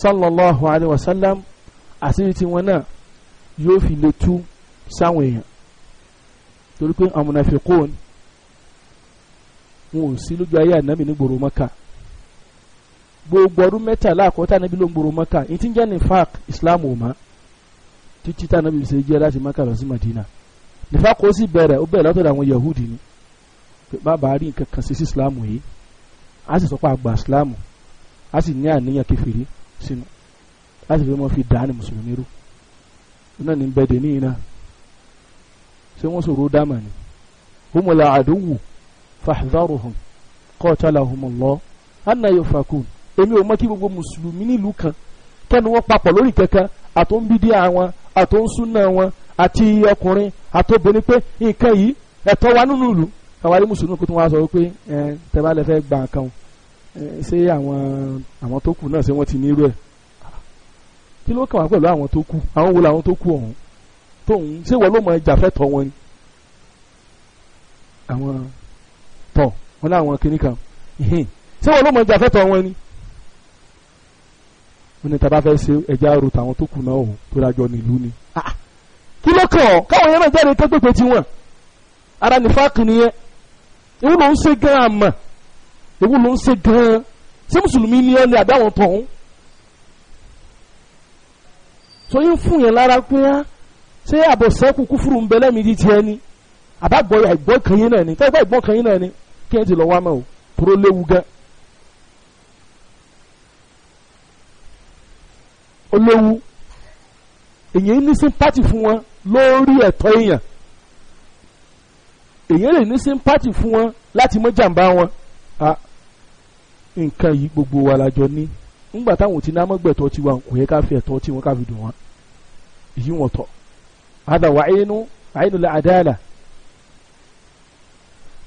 sallallahu alayhi wa sallam àṣírí tiwọn náà yóò fi lè tú sáwọn èèyàn torí pé àwọn munafiqun wọn ò sí lójú ayé ànábì ní gbòòrò mọ́kà gbogbo ọdún mẹ́tàlá àkọ́tà ànábì ló ń gbòòrò mọ́kà ìtí ń jẹ́ ní fák islam ò mọ́ títí tá ànábì ṣe jẹ́ láti mọ́kà lọ sí madina nífà kó sì bẹ̀rẹ̀ ó bẹ̀rẹ̀ látọ̀dọ̀ àwọn yahudi ni má bàa rí nǹkan kan sí sí islam yìí a sì sọ àgbà islam a sì ní àníyàn kẹfìrí sínú a fi mọ́ fi dàá ní mùsùlùmí rú náà ní bẹ́ẹ̀ dèní iná ṣé wọ́n sọ̀rọ̀ dáàmà ni humula aduwu fahdharuhum qatalahumullah anna yufakun èmi ò mọ̀ kí gbogbo mùsùlùmí nílùú kan kẹ́ni wọ́n papọ̀ lórí kankan àtọ́nbídí àwọn àtọ́nsúnà wọn àti ọkùnrin àtọ́bìnrin pé nǹkan yìí ẹ̀tọ́ wa nínú ìlú àwọn alẹ́ mùsùlùmí kò tún wá sọ pé ẹ tẹ́ bá lè fẹ́ gbà kan ṣé àwọn àwọn tó kù náà ṣé ti ní irú ẹ̀ kí ló kàn wá pẹ̀lú àwọn tó kú àwọn wo làwọn tó kú ọ̀hún tóun ṣé wọ́n ló mọ ẹja fẹ́ tọ́ wọn ni àwọn tọ̀ wọn láwọn kinní kan ṣé wọ́n ló mọ ẹja fẹ́ tọ́ wọn ni wọn ní tàbá fẹ́ ṣe ẹja ro tàwọn tó kù náà ọ̀hún tó dájọ́ nílùú ni ah, kí ló kàn ọ́ káwọn yẹn náà jáde kẹ́gbẹ́gbẹ́ tiwọn ara nífàkì nìyẹn ewu ló ń ṣe gan àmọ́ ewu ló ń ṣe gan ṣé mùsùlùmí ni ọ́ ni àbí àwọn tọ̀hún sọyún fún yẹn lára pé á ṣé àbọ̀ sẹ́kù kúfùrù ń bẹ lẹ́mìí di tiẹ̀ ni àbágbọ́ àìgbọ́ kan yín náà ni tẹ́gbọ́ ìgbọ́ kan yín náà ni kí ẹ ti lọ wá mọ́ o tóró léwu gan. ó léwu èyàn ní sympathy fún wọn lórí ẹ̀tọ́ èèyàn èyàn lè ní sympathy fún wọn láti mọ jàǹbá wọn a nǹkan yìí gbogbo wa la jọ ní ńgbà táwọn ò ti ní amọ́gbẹ̀tọ́ tiwa kò yẹ ká fi ẹ̀tọ́ tiwọn ká fi dùn wọn yìí wọ́n hada wà áyínú la adala. àdáàlà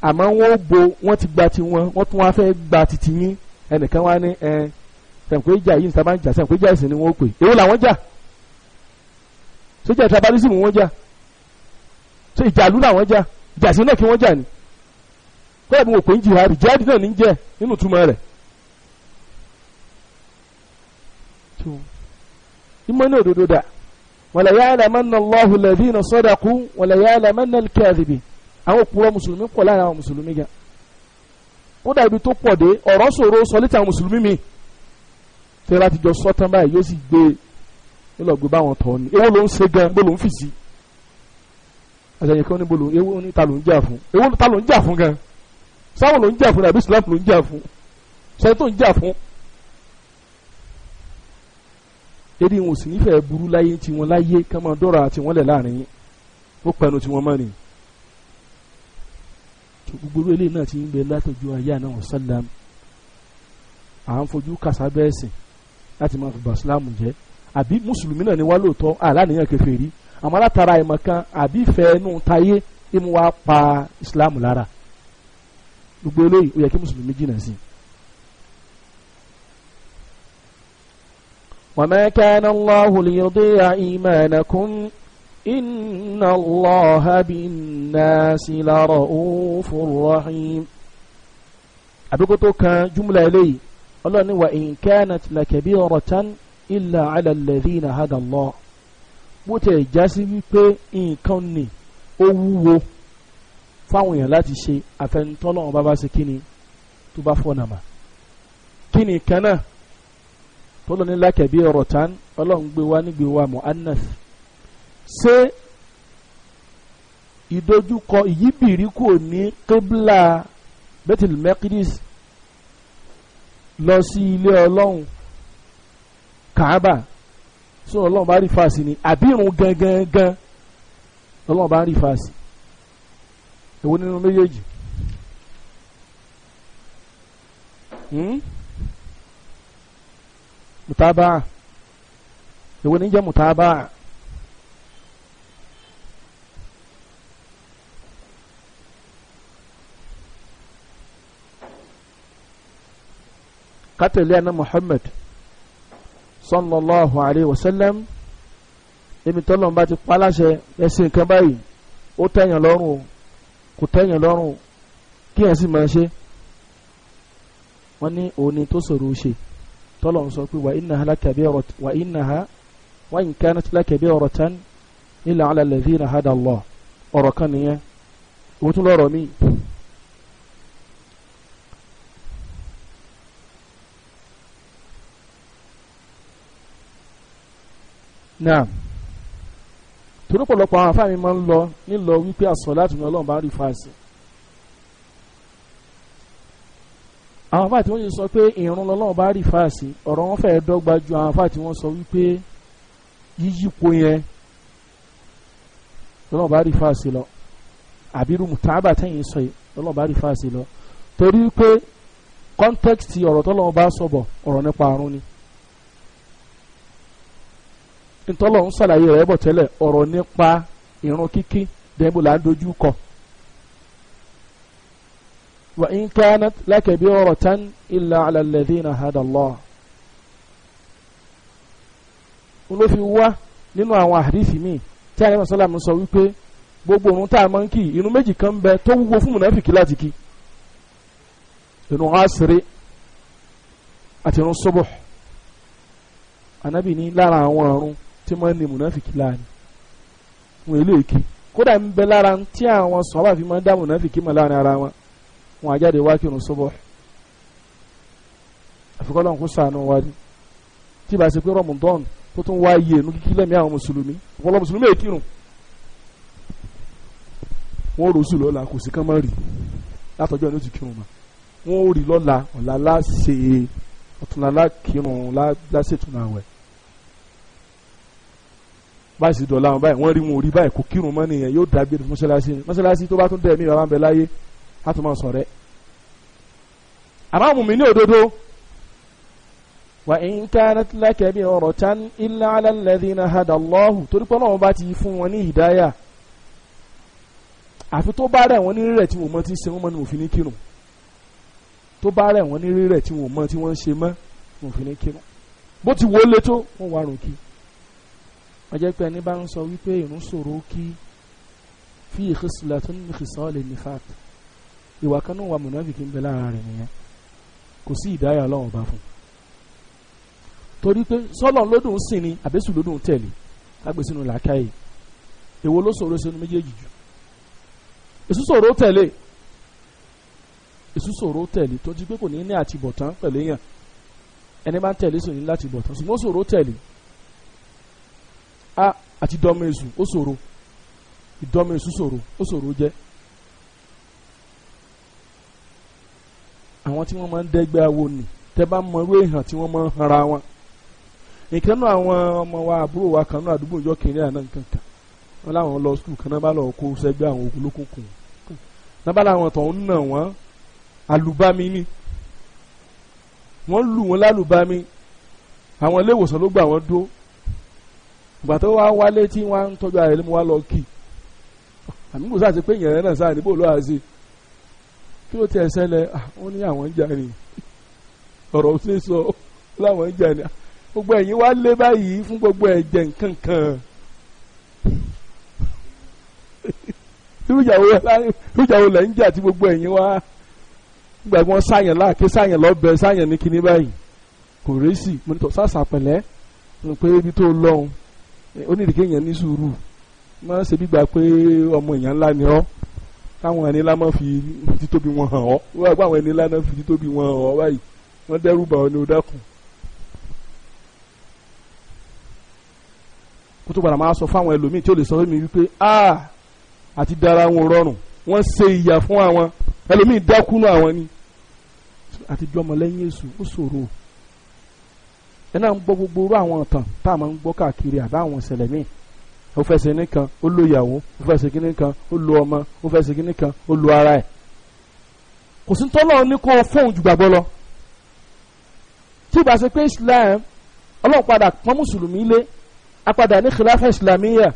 àmọ́ wọ́n bo wọ́n ti gba tiwọn wọ́n tún wá fẹ́ gba titi yín ẹnìkan wá ní ẹ sẹ̀ǹkó ìjà yìí níta máa ń jà sẹ̀ǹkó ìjà ìsìn ni wọ́n pè èwo làwọn jà sójà tribalism wọ́n jà so ìjàlú làwọn jà ìjàsí náà kí wọ́n jà ni kọ́ ẹ̀bùn òpè ń jìhà rí jihadi náà ní jẹ́ nínú túmọ̀ rẹ̀ ìmọ̀ ní òdodo dáa wàlẹ̀yàlẹ̀mẹ́nà lọ́hùn lẹ́bí iná sọ́dọ̀kú wàlẹ̀yàlẹ̀mẹ́nà kẹ́ẹ̀dìbì àwọn òpùrọ̀ mùsùlùmí pọ̀ láàrin àwọn mùsùlùmí ga ó dàbí tó pọ̀ dé ọ̀rọ̀ sòro sọ létí àwọn mùsùlùmí mi tẹ́ láti jọ sọ tán báyìí yóò sì gbé nílọ̀gbé báwọn tọ̀ ni èwo ló ń ṣe gan bó ló ń fi sí àṣàyàn kan ní bolo èwo ní ta ló ń jà fún èwo ta ló ń jà fún gan eré wọn ò sì nífẹ̀ẹ́ burú láyé tí wọn láyé ká máa dọ́ra àti wọn lẹ̀ láàrin yín ó pẹnu tí wọn mọ́ ni. gbogbo eléyìí náà ti ń bẹ látọjú ayé àná ọ̀sálàm à ń fojú kàṣà bẹ́ẹ̀ sìn láti máa fi bà jẹ́ àbí mùsùlùmí náà ni wá lóòótọ́ àlàníyàn kèfèrí àmọ́ látara ìmọ̀ kan àbí ìfẹ́ inú ìmú wa pa ìsìlámù lára gbogbo eléyìí ó yẹ kí mùsùlùmí jìnnà sí i. وما كان الله ليضيع إيمانكم إن الله بالناس لرؤوف رحيم أبقتو كان جملة لي الله وإن كانت لكبيرة إلا على الذين هدى الله bó tẹ̀ já sí wípé nǹkan ni ó wúwo fáwọn èèyàn láti ṣe àfẹnutọ́lọ́wọ́n bá bá ṣe tọ́lọ́ ní lákẹ́bí ọ̀rọ̀ tán ọlọ́run gbé wá nígbè wá mu'annas ṣé ìdojúkọ ìyíbìrí kò ní kébìlà Bethel Mekdis lọ sí ilé ọlọ́run Kaaba sọ ọlọ́run bá rí fàásì ni àbí gangan ọlọ́run bá rí fàásì èwo nínú méjèèjì. Hmm? mùtábà èwo ní jẹ́ mùtábà. kátẹ̀lé àná Muhammad sallallahu alayhi wa sallam èmi tọ́lọ̀ bá ti paláṣẹ ẹ̀sìn nǹkan báyìí ó tẹ̀yàn lọ́rùn o kò tẹ̀yàn lọ́rùn o kí ẹ̀ máa ṣe wọ́n ní òun tó ṣòro ṣe tọ́lọ̀ ń sọ pé wà iná ha wà in kánat lákẹ̀bí ọ̀rọ̀ tán ilẹ̀ alẹ́lẹ́dí na hada Allah ọ̀rọ̀ kan nìyẹn ó tún lọ́rọ̀ míì naam torí pọ̀lọpọ̀ àwọn afáàmì máa ń lọ nílọ wípé àsọ̀lá àtúnyọ̀ ọlọ́run bá rí fáàsì àwọn afáà tí wọ́n sọ pé ìrun lọ́lọ́run bá rí fàásì ọ̀rọ̀ wọn fẹ́ẹ́ dọ́gba ju àwọn afáà tí wọ́n sọ wípé yíyípo yẹn lọ́lọ́run bá rí fàásì lọ àbírú mùtàbà tẹ̀yìn sọ yìí lọ́lọ́run bá rí fàásì lọ torí pé kọ́ńtẹ́kìtì ọ̀rọ̀ tọ́lọ́run bá sọ̀bọ̀ ọ̀rọ̀ nípa àrùn ni ntọ́lọ́run ṣàlàyé rẹ̀ bọ̀ tẹ́lẹ̀ ọ̀rọ̀ nípa ìrun kíkí dẹ́gbò là ń dojú kọ وإن كانت لكبيرة إلا على الذين هدى الله ló fi wá nínú àwọn àdìsí míì tí àlẹ́ mọ̀sálà mi sọ wípé gbogbo òun tá a máa ń kì í inú méjì kan ń bẹ tó wúwo fún mùnàfìkì láti kí inú àṣírí àti irun sọ́bọ̀ anábì ní lára àwọn àrùn tí wọ́n ní mùnàfìkì láàánú wọn èlé èké kódà ń bẹ lára tí àwọn sọ́ọ́bà fi máa ń dá mùnàfìkì mọ̀ láàrin ara wọn wọn á jáde wá kírun sóbọ̀ àfikọ́ lọ́n kó sànù wá ní tí ìbá ṣe pé rọmùdọ́n tó tún wá yé inú kíkí lẹ́mìí àwọn mùsùlùmí ọ̀pọ̀lọpọ̀ mùsùlùmí èyí kírun wọn ò rọ̀ṣù lọ́la kò sí kán mọ́ rì látọjọ́ ẹni ó ti kírun mọ́ wọn ò rì lọ́la ọ̀la láṣẹ ọ̀túnla lákírun láṣẹ̀túnla wẹ̀ báyìí sì dọ̀la wọn báyìí wọ́n rí wọn ò rí báyìí kò kírun mọ́ nìyẹn yóò dàgbére mọ́ṣáláṣí mọ́ṣáláṣí tó bá tún dẹ̀ mí ìbá máa ń bẹ láyé a tún máa ṣọ̀rẹ́ àbáwọn mùmí ní òdodo wa in kanat laka bi'ratan illa 'ala alladhina hada Allahu torí pé Ọlọ́run bá ti fún wọn ní hidaya àfi tó bá rẹ̀ wọ́n ní rírẹ̀ tí wọ́n mọ̀ tí ń ṣe wọ́n mọ́ ni òfin ní kírun tó bá rẹ̀ wọ́n ní rírẹ̀ tí wọ́n mọ̀ tí wọ́n ṣe mọ́ ni òfin ní kírun bó ti wọ́n lé tó wọ́n wà rùn kí wọ́n jẹ́ pé ẹni bá ń sọ wípé ìrun ṣòro kí fi khislatin min khisal an-nifaq ìwà kan náà wà mùnàfíkì ń bẹ lára rẹ̀ nìyẹn kò sí ìdáyà ọlọ́run ọba fún un torí pé sọlọ́n lódùn sìn ni àbẹ́sù lódùn tẹ̀lé lágbèsínú làákàyè èwo ló sọ̀rọ̀ sínú méjèèjì jù èsù sọ̀rọ̀ tẹ̀lé èsù sọ̀rọ̀ tẹ̀lé tó ti pé kò ní ní àtibọ̀tán pẹ̀lú èèyàn ẹni máa ń tẹ̀lé sòní láti bọ̀tán ṣùgbọ́n sọ̀rọ̀ tẹ̀lé a àti dọ́mọ èsù ó sọ̀rọ̀ ìdọ́mọ èsù ó sọ̀rọ̀ jẹ́ àwọn tí wọ́n máa ń dẹ́gbẹ́ awo nì tẹ́ bá mọ irú èèyàn tí wọ́n máa ń hanra wọn nǹkan náà àwọn ọmọ wa àbúrò wa kan náà àdúgbò ìjọ kìnìún àná nǹkan kan wọn láwọn lọ skul kan náà bá lọ kó sẹ́gbẹ́ àwọn ogun lókùnkùn náà bá láwọn tó ń nà wọ́n àlùbami ni wọ́n lù wọ́n lálùbami àwọn ilé ìwòsàn ló gbà wọ́n dó ìgbà tó wá wálé tí wọ́n á ń tọ́jú ara rẹ̀ mú wá lọ kì àmì kò sáà ti pé ìyẹn náà sáà níbo ló wá sí i kí ló tẹ̀ ṣẹlẹ̀ wọ́n ní àwọn ń jà ní ọ̀rọ̀ ṣe sọ láwọn ń jà ní gbogbo ẹ̀yin wá lé báyìí fún gbogbo ẹ̀jẹ̀ nǹkan kan ìjàwó lẹ̀ ń jà tí gbogbo ẹ̀yin wá gbàgbọ́ sáyẹn láàké sáyẹn lọ́bẹ sáyẹn ní kinní báyìí kò rẹ́sì mo ní tọ́ sàṣà pẹ̀lẹ́ pé ibi tó lọ́hùn onídìgé yẹn ní sùúrù má ṣe bí gbà pé ọmọ èèyàn ńlá ni ọ́ káwọn ẹni lámọ́ fi títóbi wọn hàn ọ́ wọ́n àgbà àwọn ẹni lánàá fi títóbi wọn hàn ọ́ báyìí wọ́n dẹ́rù bà ọ́ ní o dákun. kó tó padà máa sọ fáwọn ẹlòmíì tí ó lè sọ fún mi wípé a àti dára wọn rọrùn wọ́n ṣe ìyà fún àwọn ẹlòmíì dákúnú àwọn ni àti jọmọ lẹ́yìn èṣù ó ṣòro ẹ náà ń gbọ́ gbogbo irú àwọn ìtàn tá a máa ń gbọ́ káàkiri àbá ìṣẹ̀lẹ̀ míì ó fẹ́ ṣe nìkan ó lo ìyàwó ó fẹ́ ṣe kíní kan ó lo ọmọ ó fẹ́ ṣe kíní kan ó lo ara ẹ̀ kò sí tọ́lọ́ ní kó fóun jù gbàgbọ́ lọ tí ìgbà ṣe pé Islam ọlọ́run padà pọ́n mùsùlùmí lé apadà ní khilafa islamiyya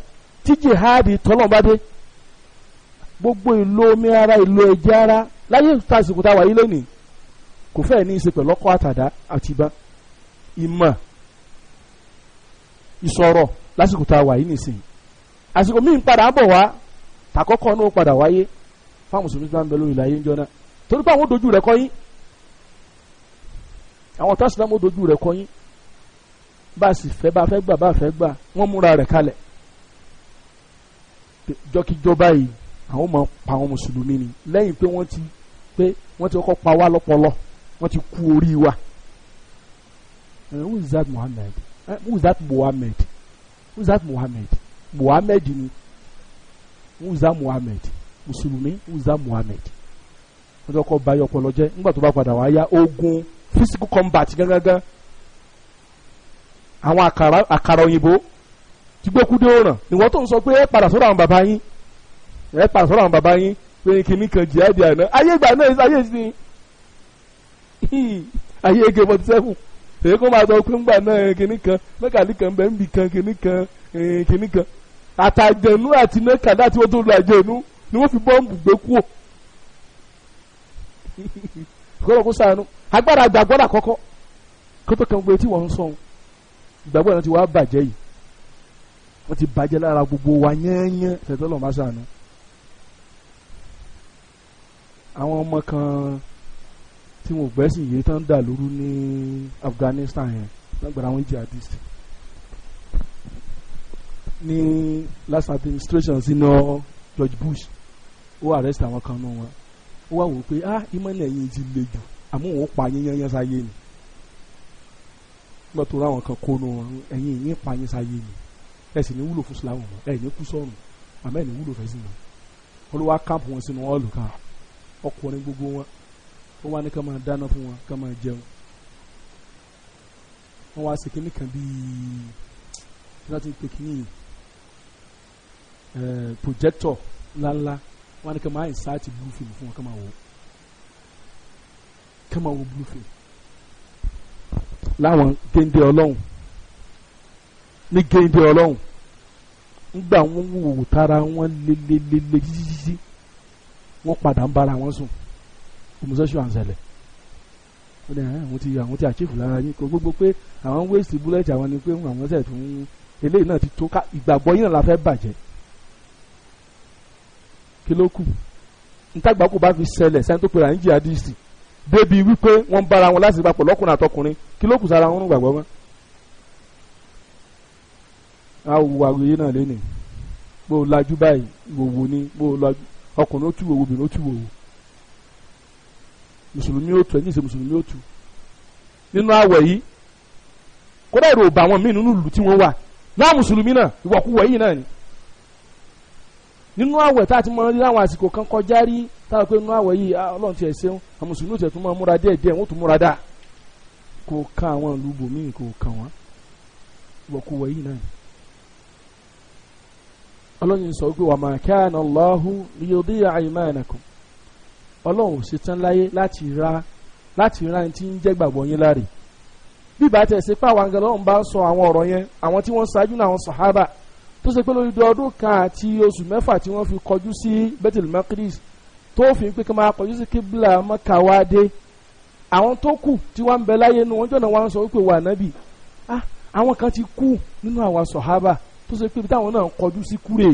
tí jihadi tọ́lọ́n bá dé gbogbo ìlò omi ara ìlò ẹ̀jẹ̀ ara láyé tásìkò táwa yìí lónìí kò fẹ́ẹ̀ ní í ṣe pẹ̀lú ọkọ̀ àtàdá àti ìbọn ìmọ̀ ìsọ̀rọ̀ lásìkò táwa yìí nìsín àsìkò míì ń padà bọ̀ wá tàkọ́kọ́ ní ó padà wáyé fáwọn mùsùlùmí bá ń bẹ lórí ilẹ̀ ayé ń jọ́nà torí pé àwọn ó dojú rẹ̀ kọ́ yín àwọn tá Ìsìlámù ó dojú rẹ̀ kọ́ yín bá a sì fẹ́ bá a fẹ́ gbà bá a fẹ́ gbà wọ́n múra rẹ̀ kalẹ̀ jọkíjọba yìí àwọn máa pa àwọn mùsùlùmí ni lẹ́yìn pé wọ́n ti pé wọ́n ti kọ́kọ́ pa wá lọ́pọlọ wọ́n ti kú orí wa eh, eh, who is that Muhammad who is that Muhammad who is that Muhammad Muhammed ni Musa Muhammed mùsùlùmí Musa Muhammed wọ́n ti kọ́ bayọ̀ ọpọlọ jẹ́ nígbà tó bá padà wá yá ogun physical combat gángan àwọn àkàrà àkàrà òyìnbó ti gbókúdé òràn ìwọ́n tó ń sọ pé ẹ padà sọ́dọ̀ àwọn bàbá yín ẹ padà sọ́dọ̀ àwọn bàbá yín pé kìíní kan jihadi àná ayé ìgbà náà ayé ìsìn ayé ege forty seven èyí kó máa sọ pé ńgbà náà kìíní kan mẹ́kàlí kan bẹ́ẹ̀ ń bì kan kìíní kan eh, kìíní kan àtàjẹ̀nú àti nẹ́kàdá tí wọ́n tó lu àjẹ̀nú ni wọ́n fi bọ́ǹbù gbé kúò kọ́lọ̀ kó sànú agbára àgbàgbọ́dà kọ́kọ́ kó tó kàn gbé tí wọ́n ń sọ̀hún ìgbàgbọ́ náà ti wá bàjẹ́ yìí wọ́n ti bàjẹ́ lára gbogbo wa yẹ́nyẹ́ tẹ̀tọ́ lọ́ọ́ má sànú. àwọn ọmọ kan tí wọn ò gbẹ́sìn yìí tán dà lóru ní Afghanistan yẹn lágbára wọn jihadist ní last administration sínú George Bush ó arrest àwọn kan nù wọn ó wá wò pé ah ìmọ̀lẹ̀ yìí ti le jù àmọ́ òun pa yín yányán sáyé ni nígbà tó ráwọn kan kó nù wọn ẹ̀yìn yín pa yín sáyé ni ẹ̀ sì ní wúlò fún Islam mọ́ ẹ̀ ní kú sọ̀rùn àmọ́ ẹ̀ ní wúlò fẹ́ sí wọn olùwà camp wọn sínú ọ́ọ̀lù kan ọkùnrin gbogbo wọn ó wá ní ká máa dáná fún wọn ká máa jẹun wọn wá sí kíní kan bíi kí wọ́n ti ń pè kíní yìí projector ńláńlá wọn ni kama insert blue film fún wọn kama wò kama wò blue film láwọn géńdé ọlọ́run ní géńdé ọlọ́run ńgbà wọn wò tara wọn lelelele yíyí wọn padà ń bára wọn sùn homosexual ń ṣẹlẹ̀ ó ní àwọn ti àwọn ti àchífù lára yín kó gbogbo pé àwọn waste bullet àwọn ni pé àwọn ṣẹ̀ tún eléyìí náà ti tó ká ìgbàgbọ́ yìí náà la fẹ́ bàjẹ́ kí ló kù ntàgbà kò bá fi ṣẹlẹ̀ sẹ́ni tó pera ní jihadist débi wípé wọ́n bára wọn láti papọ̀ lọ́kùnrin àtọkùnrin kí ló kù sára wọn gbàgbọ́ mọ́. awo àwòye náà lé ní bó o lajú báyìí wòwò ni bó o lajú ọkùnrin ó tú wòwò obìnrin ó tú wòwò mùsùlùmí ó tu ẹ̀yìn ṣe mùsùlùmí ó tu nínú àwẹ̀ yìí kódà èrò ò bá wọn míì nínú ìlú tí wọ́n wà náà mùsùlùmí náà ìwàkuwà yìí náà ni nínú àwẹ̀ tá a ti mọ ní àwọn àsìkò kan kọjá rí tá a pé nínú àwẹ̀ yìí ọlọ́run ti ẹ̀ ṣeun àwọn mùsùlùmí ò tẹ̀ tún máa múra díẹ̀ díẹ̀ wọ́n tún múra dáa kò ka àwọn ìlú bòmíì kò kàn wọ́n wọ̀kúwọ̀ yìí náà ọlọ́run sọ pé wa ma kana Allahu liyudi'a imanakum ọlọ́run ò ṣetán láyé láti ra láti ra ẹni tí ń jẹ́ gbàgbọ́ yín láre bíbá tẹ̀ ṣe pé àwọn àgàlọ́ ń bá sọ tó ṣe pé lórí ọdún kan àti oṣù mẹ́fà tí wọ́n fi kọjú sí Bethel Makris tó fi pé kí máa kọjú sí kíbla Mẹ́kà wá dé àwọn tó kù tí wọ́n ń bẹ láyé nu wọ́n jọ̀nà wọn sọ wípé wà nábì ah, àwọn kan ti kú nínú àwọn sọ̀hábà tó ṣe pé táwọn náà kọjú sí kúrè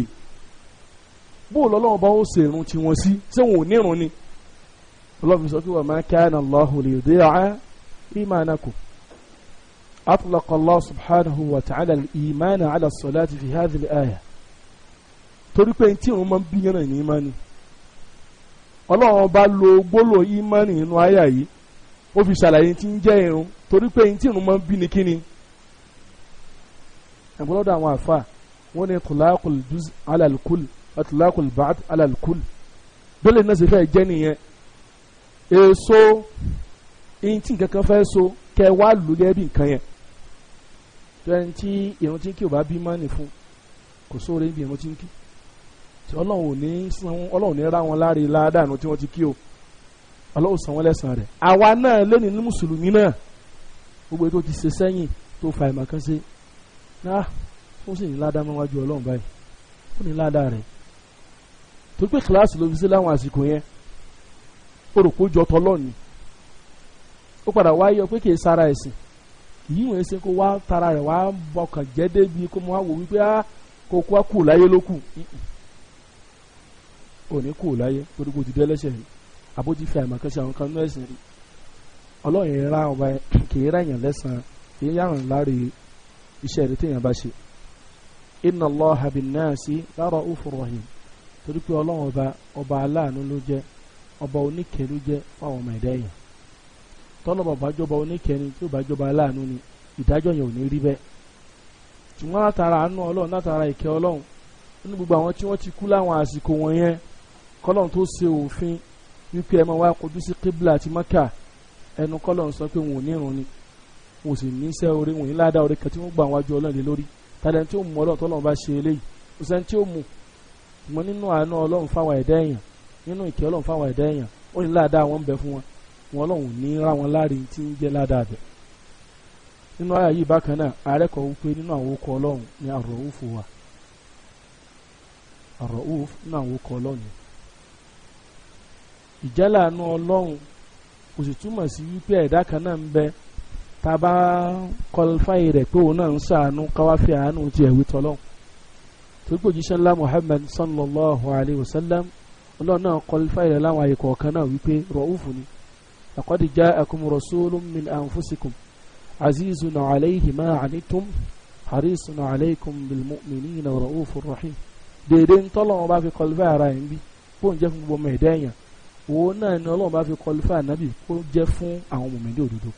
bóò lọ́lọ́wọ́ bá ó ṣèrun tí wọ́n sí ṣé wọn ò nírun ni ọlọ́run sọ pé wà máa kana Allahu li yudi'a imanakum أطلق الله سبحانه وتعالى الإيمان على الصلاة في هذه الآية torípé ntí òun máa ń bí yànnà ní imani ọlọ́run ọba lo gbólò imani nínú àyà yìí ó fi ṣàlàyé tí ń jẹ́ irun torípé ntí òun máa ń bí ni kíni ẹ̀gbọ́lọ́dọ̀ àwọn àfa wọ́n ní tùlákùl juz alàlùkùl àtùlákùl bàt alàlùkùl bẹ́ẹ̀ náà sì fẹ́ jẹ́ nìyẹn èso ntí nǹkan kan fẹ́ so kẹ́ wá lù gẹ́gẹ́ bí nǹkan yẹn tẹ́lẹ̀ tí irun tí kí o bá bí má nì fún kò sóore níbi irun tí ń kí ọlọ́run ò ní san ọlọ́run ní ra wọn láre ládàánú tí wọ́n ti kí o ọlọ́run san wọn lẹ́sàn rẹ̀ àwa náà lẹ́ni ní mùsùlùmí náà gbogbo tó ti ṣe sẹ́yìn tó fa ìmọ̀ kan ṣe náà ó sì ní ládàá níwájú ọlọ́run báyìí ó ní ládàá rẹ̀ torí pé kíláàsì ló fi sí láwọn àsìkò yẹn ó rò pé ó jọ tọ́lọ́ọ̀ni ó padà wáyé ọ pé kì í sára ẹ̀sìn yi nwee ṣe kó wá tara rẹ̀ wá bọkàn jẹ́ débi kó wá wò wípé á ah, kó kó kù láyé ló kù òní kù láyé torí kò ti dé rí fi kan ní ẹ̀sìn rí ọlọ́run ọba kìí rán èèyàn lẹ́sàn-án kìí yàrá láre iṣẹ́ inna torí pé ọba ọba aláàánú ló jẹ́ ọba oníkẹ́ ló jẹ́ fáwọn ọmọ ẹ̀dá tọ́lọ́mọ bàjọba oníkẹni tí ó bàjọba aláàánú ni ìdájọ́ yẹn ò ní rí bẹ́ẹ̀ ṣùgbọ́n látara àánú ọlọ́run látara ìkẹ́ ọlọ́run nínú gbogbo àwọn tí wọ́n ti kú láwọn àsìkò wọn yẹn kọ́lọ́run tó ṣe òfin wípé ẹ máa wá kojú sí kébìlà àti mọ́kà ẹnu kọ́lọ́run sọ pé wọn ò ní ìrun ni wọn ò sì ní iṣẹ́ orí wọn ò ní ládàá orí kan tí wọ́n gbà wájú ọlọ́run lé lórí tàdé tí ó mú ọlọ́run tọ́lọ́run bá ṣe eléyìí kò sẹ́ni tí ó mú ṣùgbọ́n nínú àánú ọlọ́run fáwọn ẹ̀dá wọn lọ́hùn ní ra wọn láre tí ń jẹ́ ládàá bẹ̀. nínú àyà yìí bákan náà ààrẹ wípé nínú àwọn okọ̀ ọlọ́run ni àrọ̀wúfò wà àrọ̀wúf nínú àwọn okọ̀ ọlọ́run ìjẹ́lànà ọlọ́run kò sì túmọ̀ sí wípé ẹ̀dá kan náà ń bẹ tá a bá kọlifáì rẹ̀ pé òun náà ń sàánú káwáfì àánú ti ẹ̀wí tọ́lọ́run torípò jíṣẹ́ ńlá Muhammad sallallahu alayhi wa sallam ọlọ́run náà kọlifáì rẹ̀ láwọn àyè kọ̀ọ̀kan náà wípé rọ̀úfù ni لقد جاءكم رسول من أنفسكم عزيز عليه ما عنتم حريص عليكم بالمؤمنين رؤوف رحيم dèdè ń tọ́lọ́ wọn bá fi kọlifá ara yẹn bí kó ń jẹ́ fún gbogbo mẹ̀ẹ́dá yẹn òun náà ni ọlọ́run bá fi kọlifá ànábì kó jẹ́ fún àwọn mọ̀mẹ́dá òdodo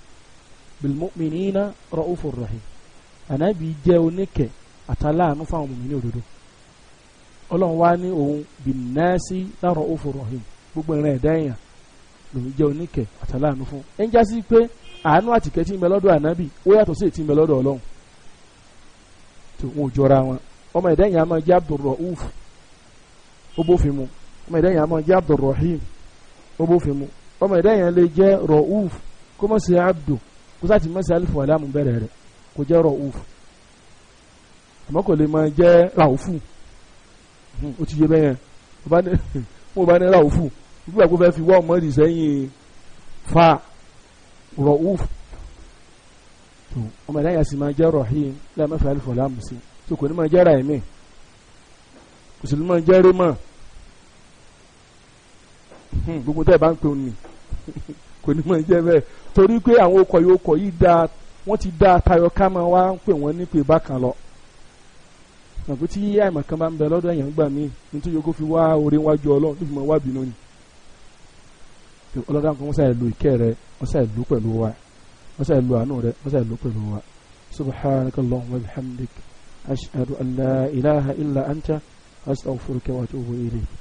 bilmu'minina ra'ufur rahim ànábì jẹ́ oníkẹ̀ àtàláàánú fún àwọn mọ̀mẹ́dá òdodo ọlọ́run wá ní òun bin nasi la ra'ufur rahim gbogbo ìran ẹ̀dá yẹn lòun jẹ́ oníkẹ̀ àtàláàánú fún ẹ ń jásí pé àánú àtìkẹ́ tí ń bẹ lọ́dọ̀ ànábì ó yàtọ̀ sí ètí ń bẹ lọ́dọ̀ ọlọ́run tó wọn ò jọra wọn ọmọ ẹ̀dá yẹn a máa jẹ́ abdulrauf ó bófin mu ọmọ ẹ̀dá yẹn a máa jẹ́ abdulrahim ó bófin mu ọmọ ẹ̀dá yẹn lè jẹ́ rauf kó má ṣe abdu kó sáà ti má ṣe alifu alamu bẹ̀rẹ̀ rẹ̀ kó jẹ́ rauf àmọ́ kò lè máa jẹ́ raufu ó ti yé bẹ́yẹn mo bá ní raufu nígbà tó fẹ́ fi wọ́ ọmọ rì sẹ́yìn fa rọ̀úf tó ọmọ ìdáyà sì máa jẹ́ rọ̀hìn lẹ́ẹ̀mẹ́fà àlùfọ̀ láàmùsí tó kò ní máa jẹ́ ràìmí kò sì ní máa jẹ́ rémọ̀ hmm, gbogbo tẹ́ ẹ̀ bá ń pè ní kò ní máa jẹ́ bẹ́ẹ̀ torí pé àwọn okọ̀ yìí okọ̀ yìí dáa wọ́n ti dáa tayọ ká máa wá ń pè wọ́n nípe bákan lọ nàgbé tí àìmọ̀kan bá ń bẹ lọ́dọ̀ èèyàn gbà mí nítorí yòókù fi wá orí wájú ọlọ́run tó fi máa wá bínú ni ọlọ́dà kan wọ́n sàyẹ̀ lu ìkẹ́ rẹ wọ́n sàyẹ̀ lu pẹ̀lú wa wọ́n sàyẹ̀ lu àánú rẹ wọ́n sàyẹ̀ lu pẹ̀lú wa subhanaka allahumma wa bihamdik ashhadu an la ilaha illa anta astaghfiruka wa atubu ilayk.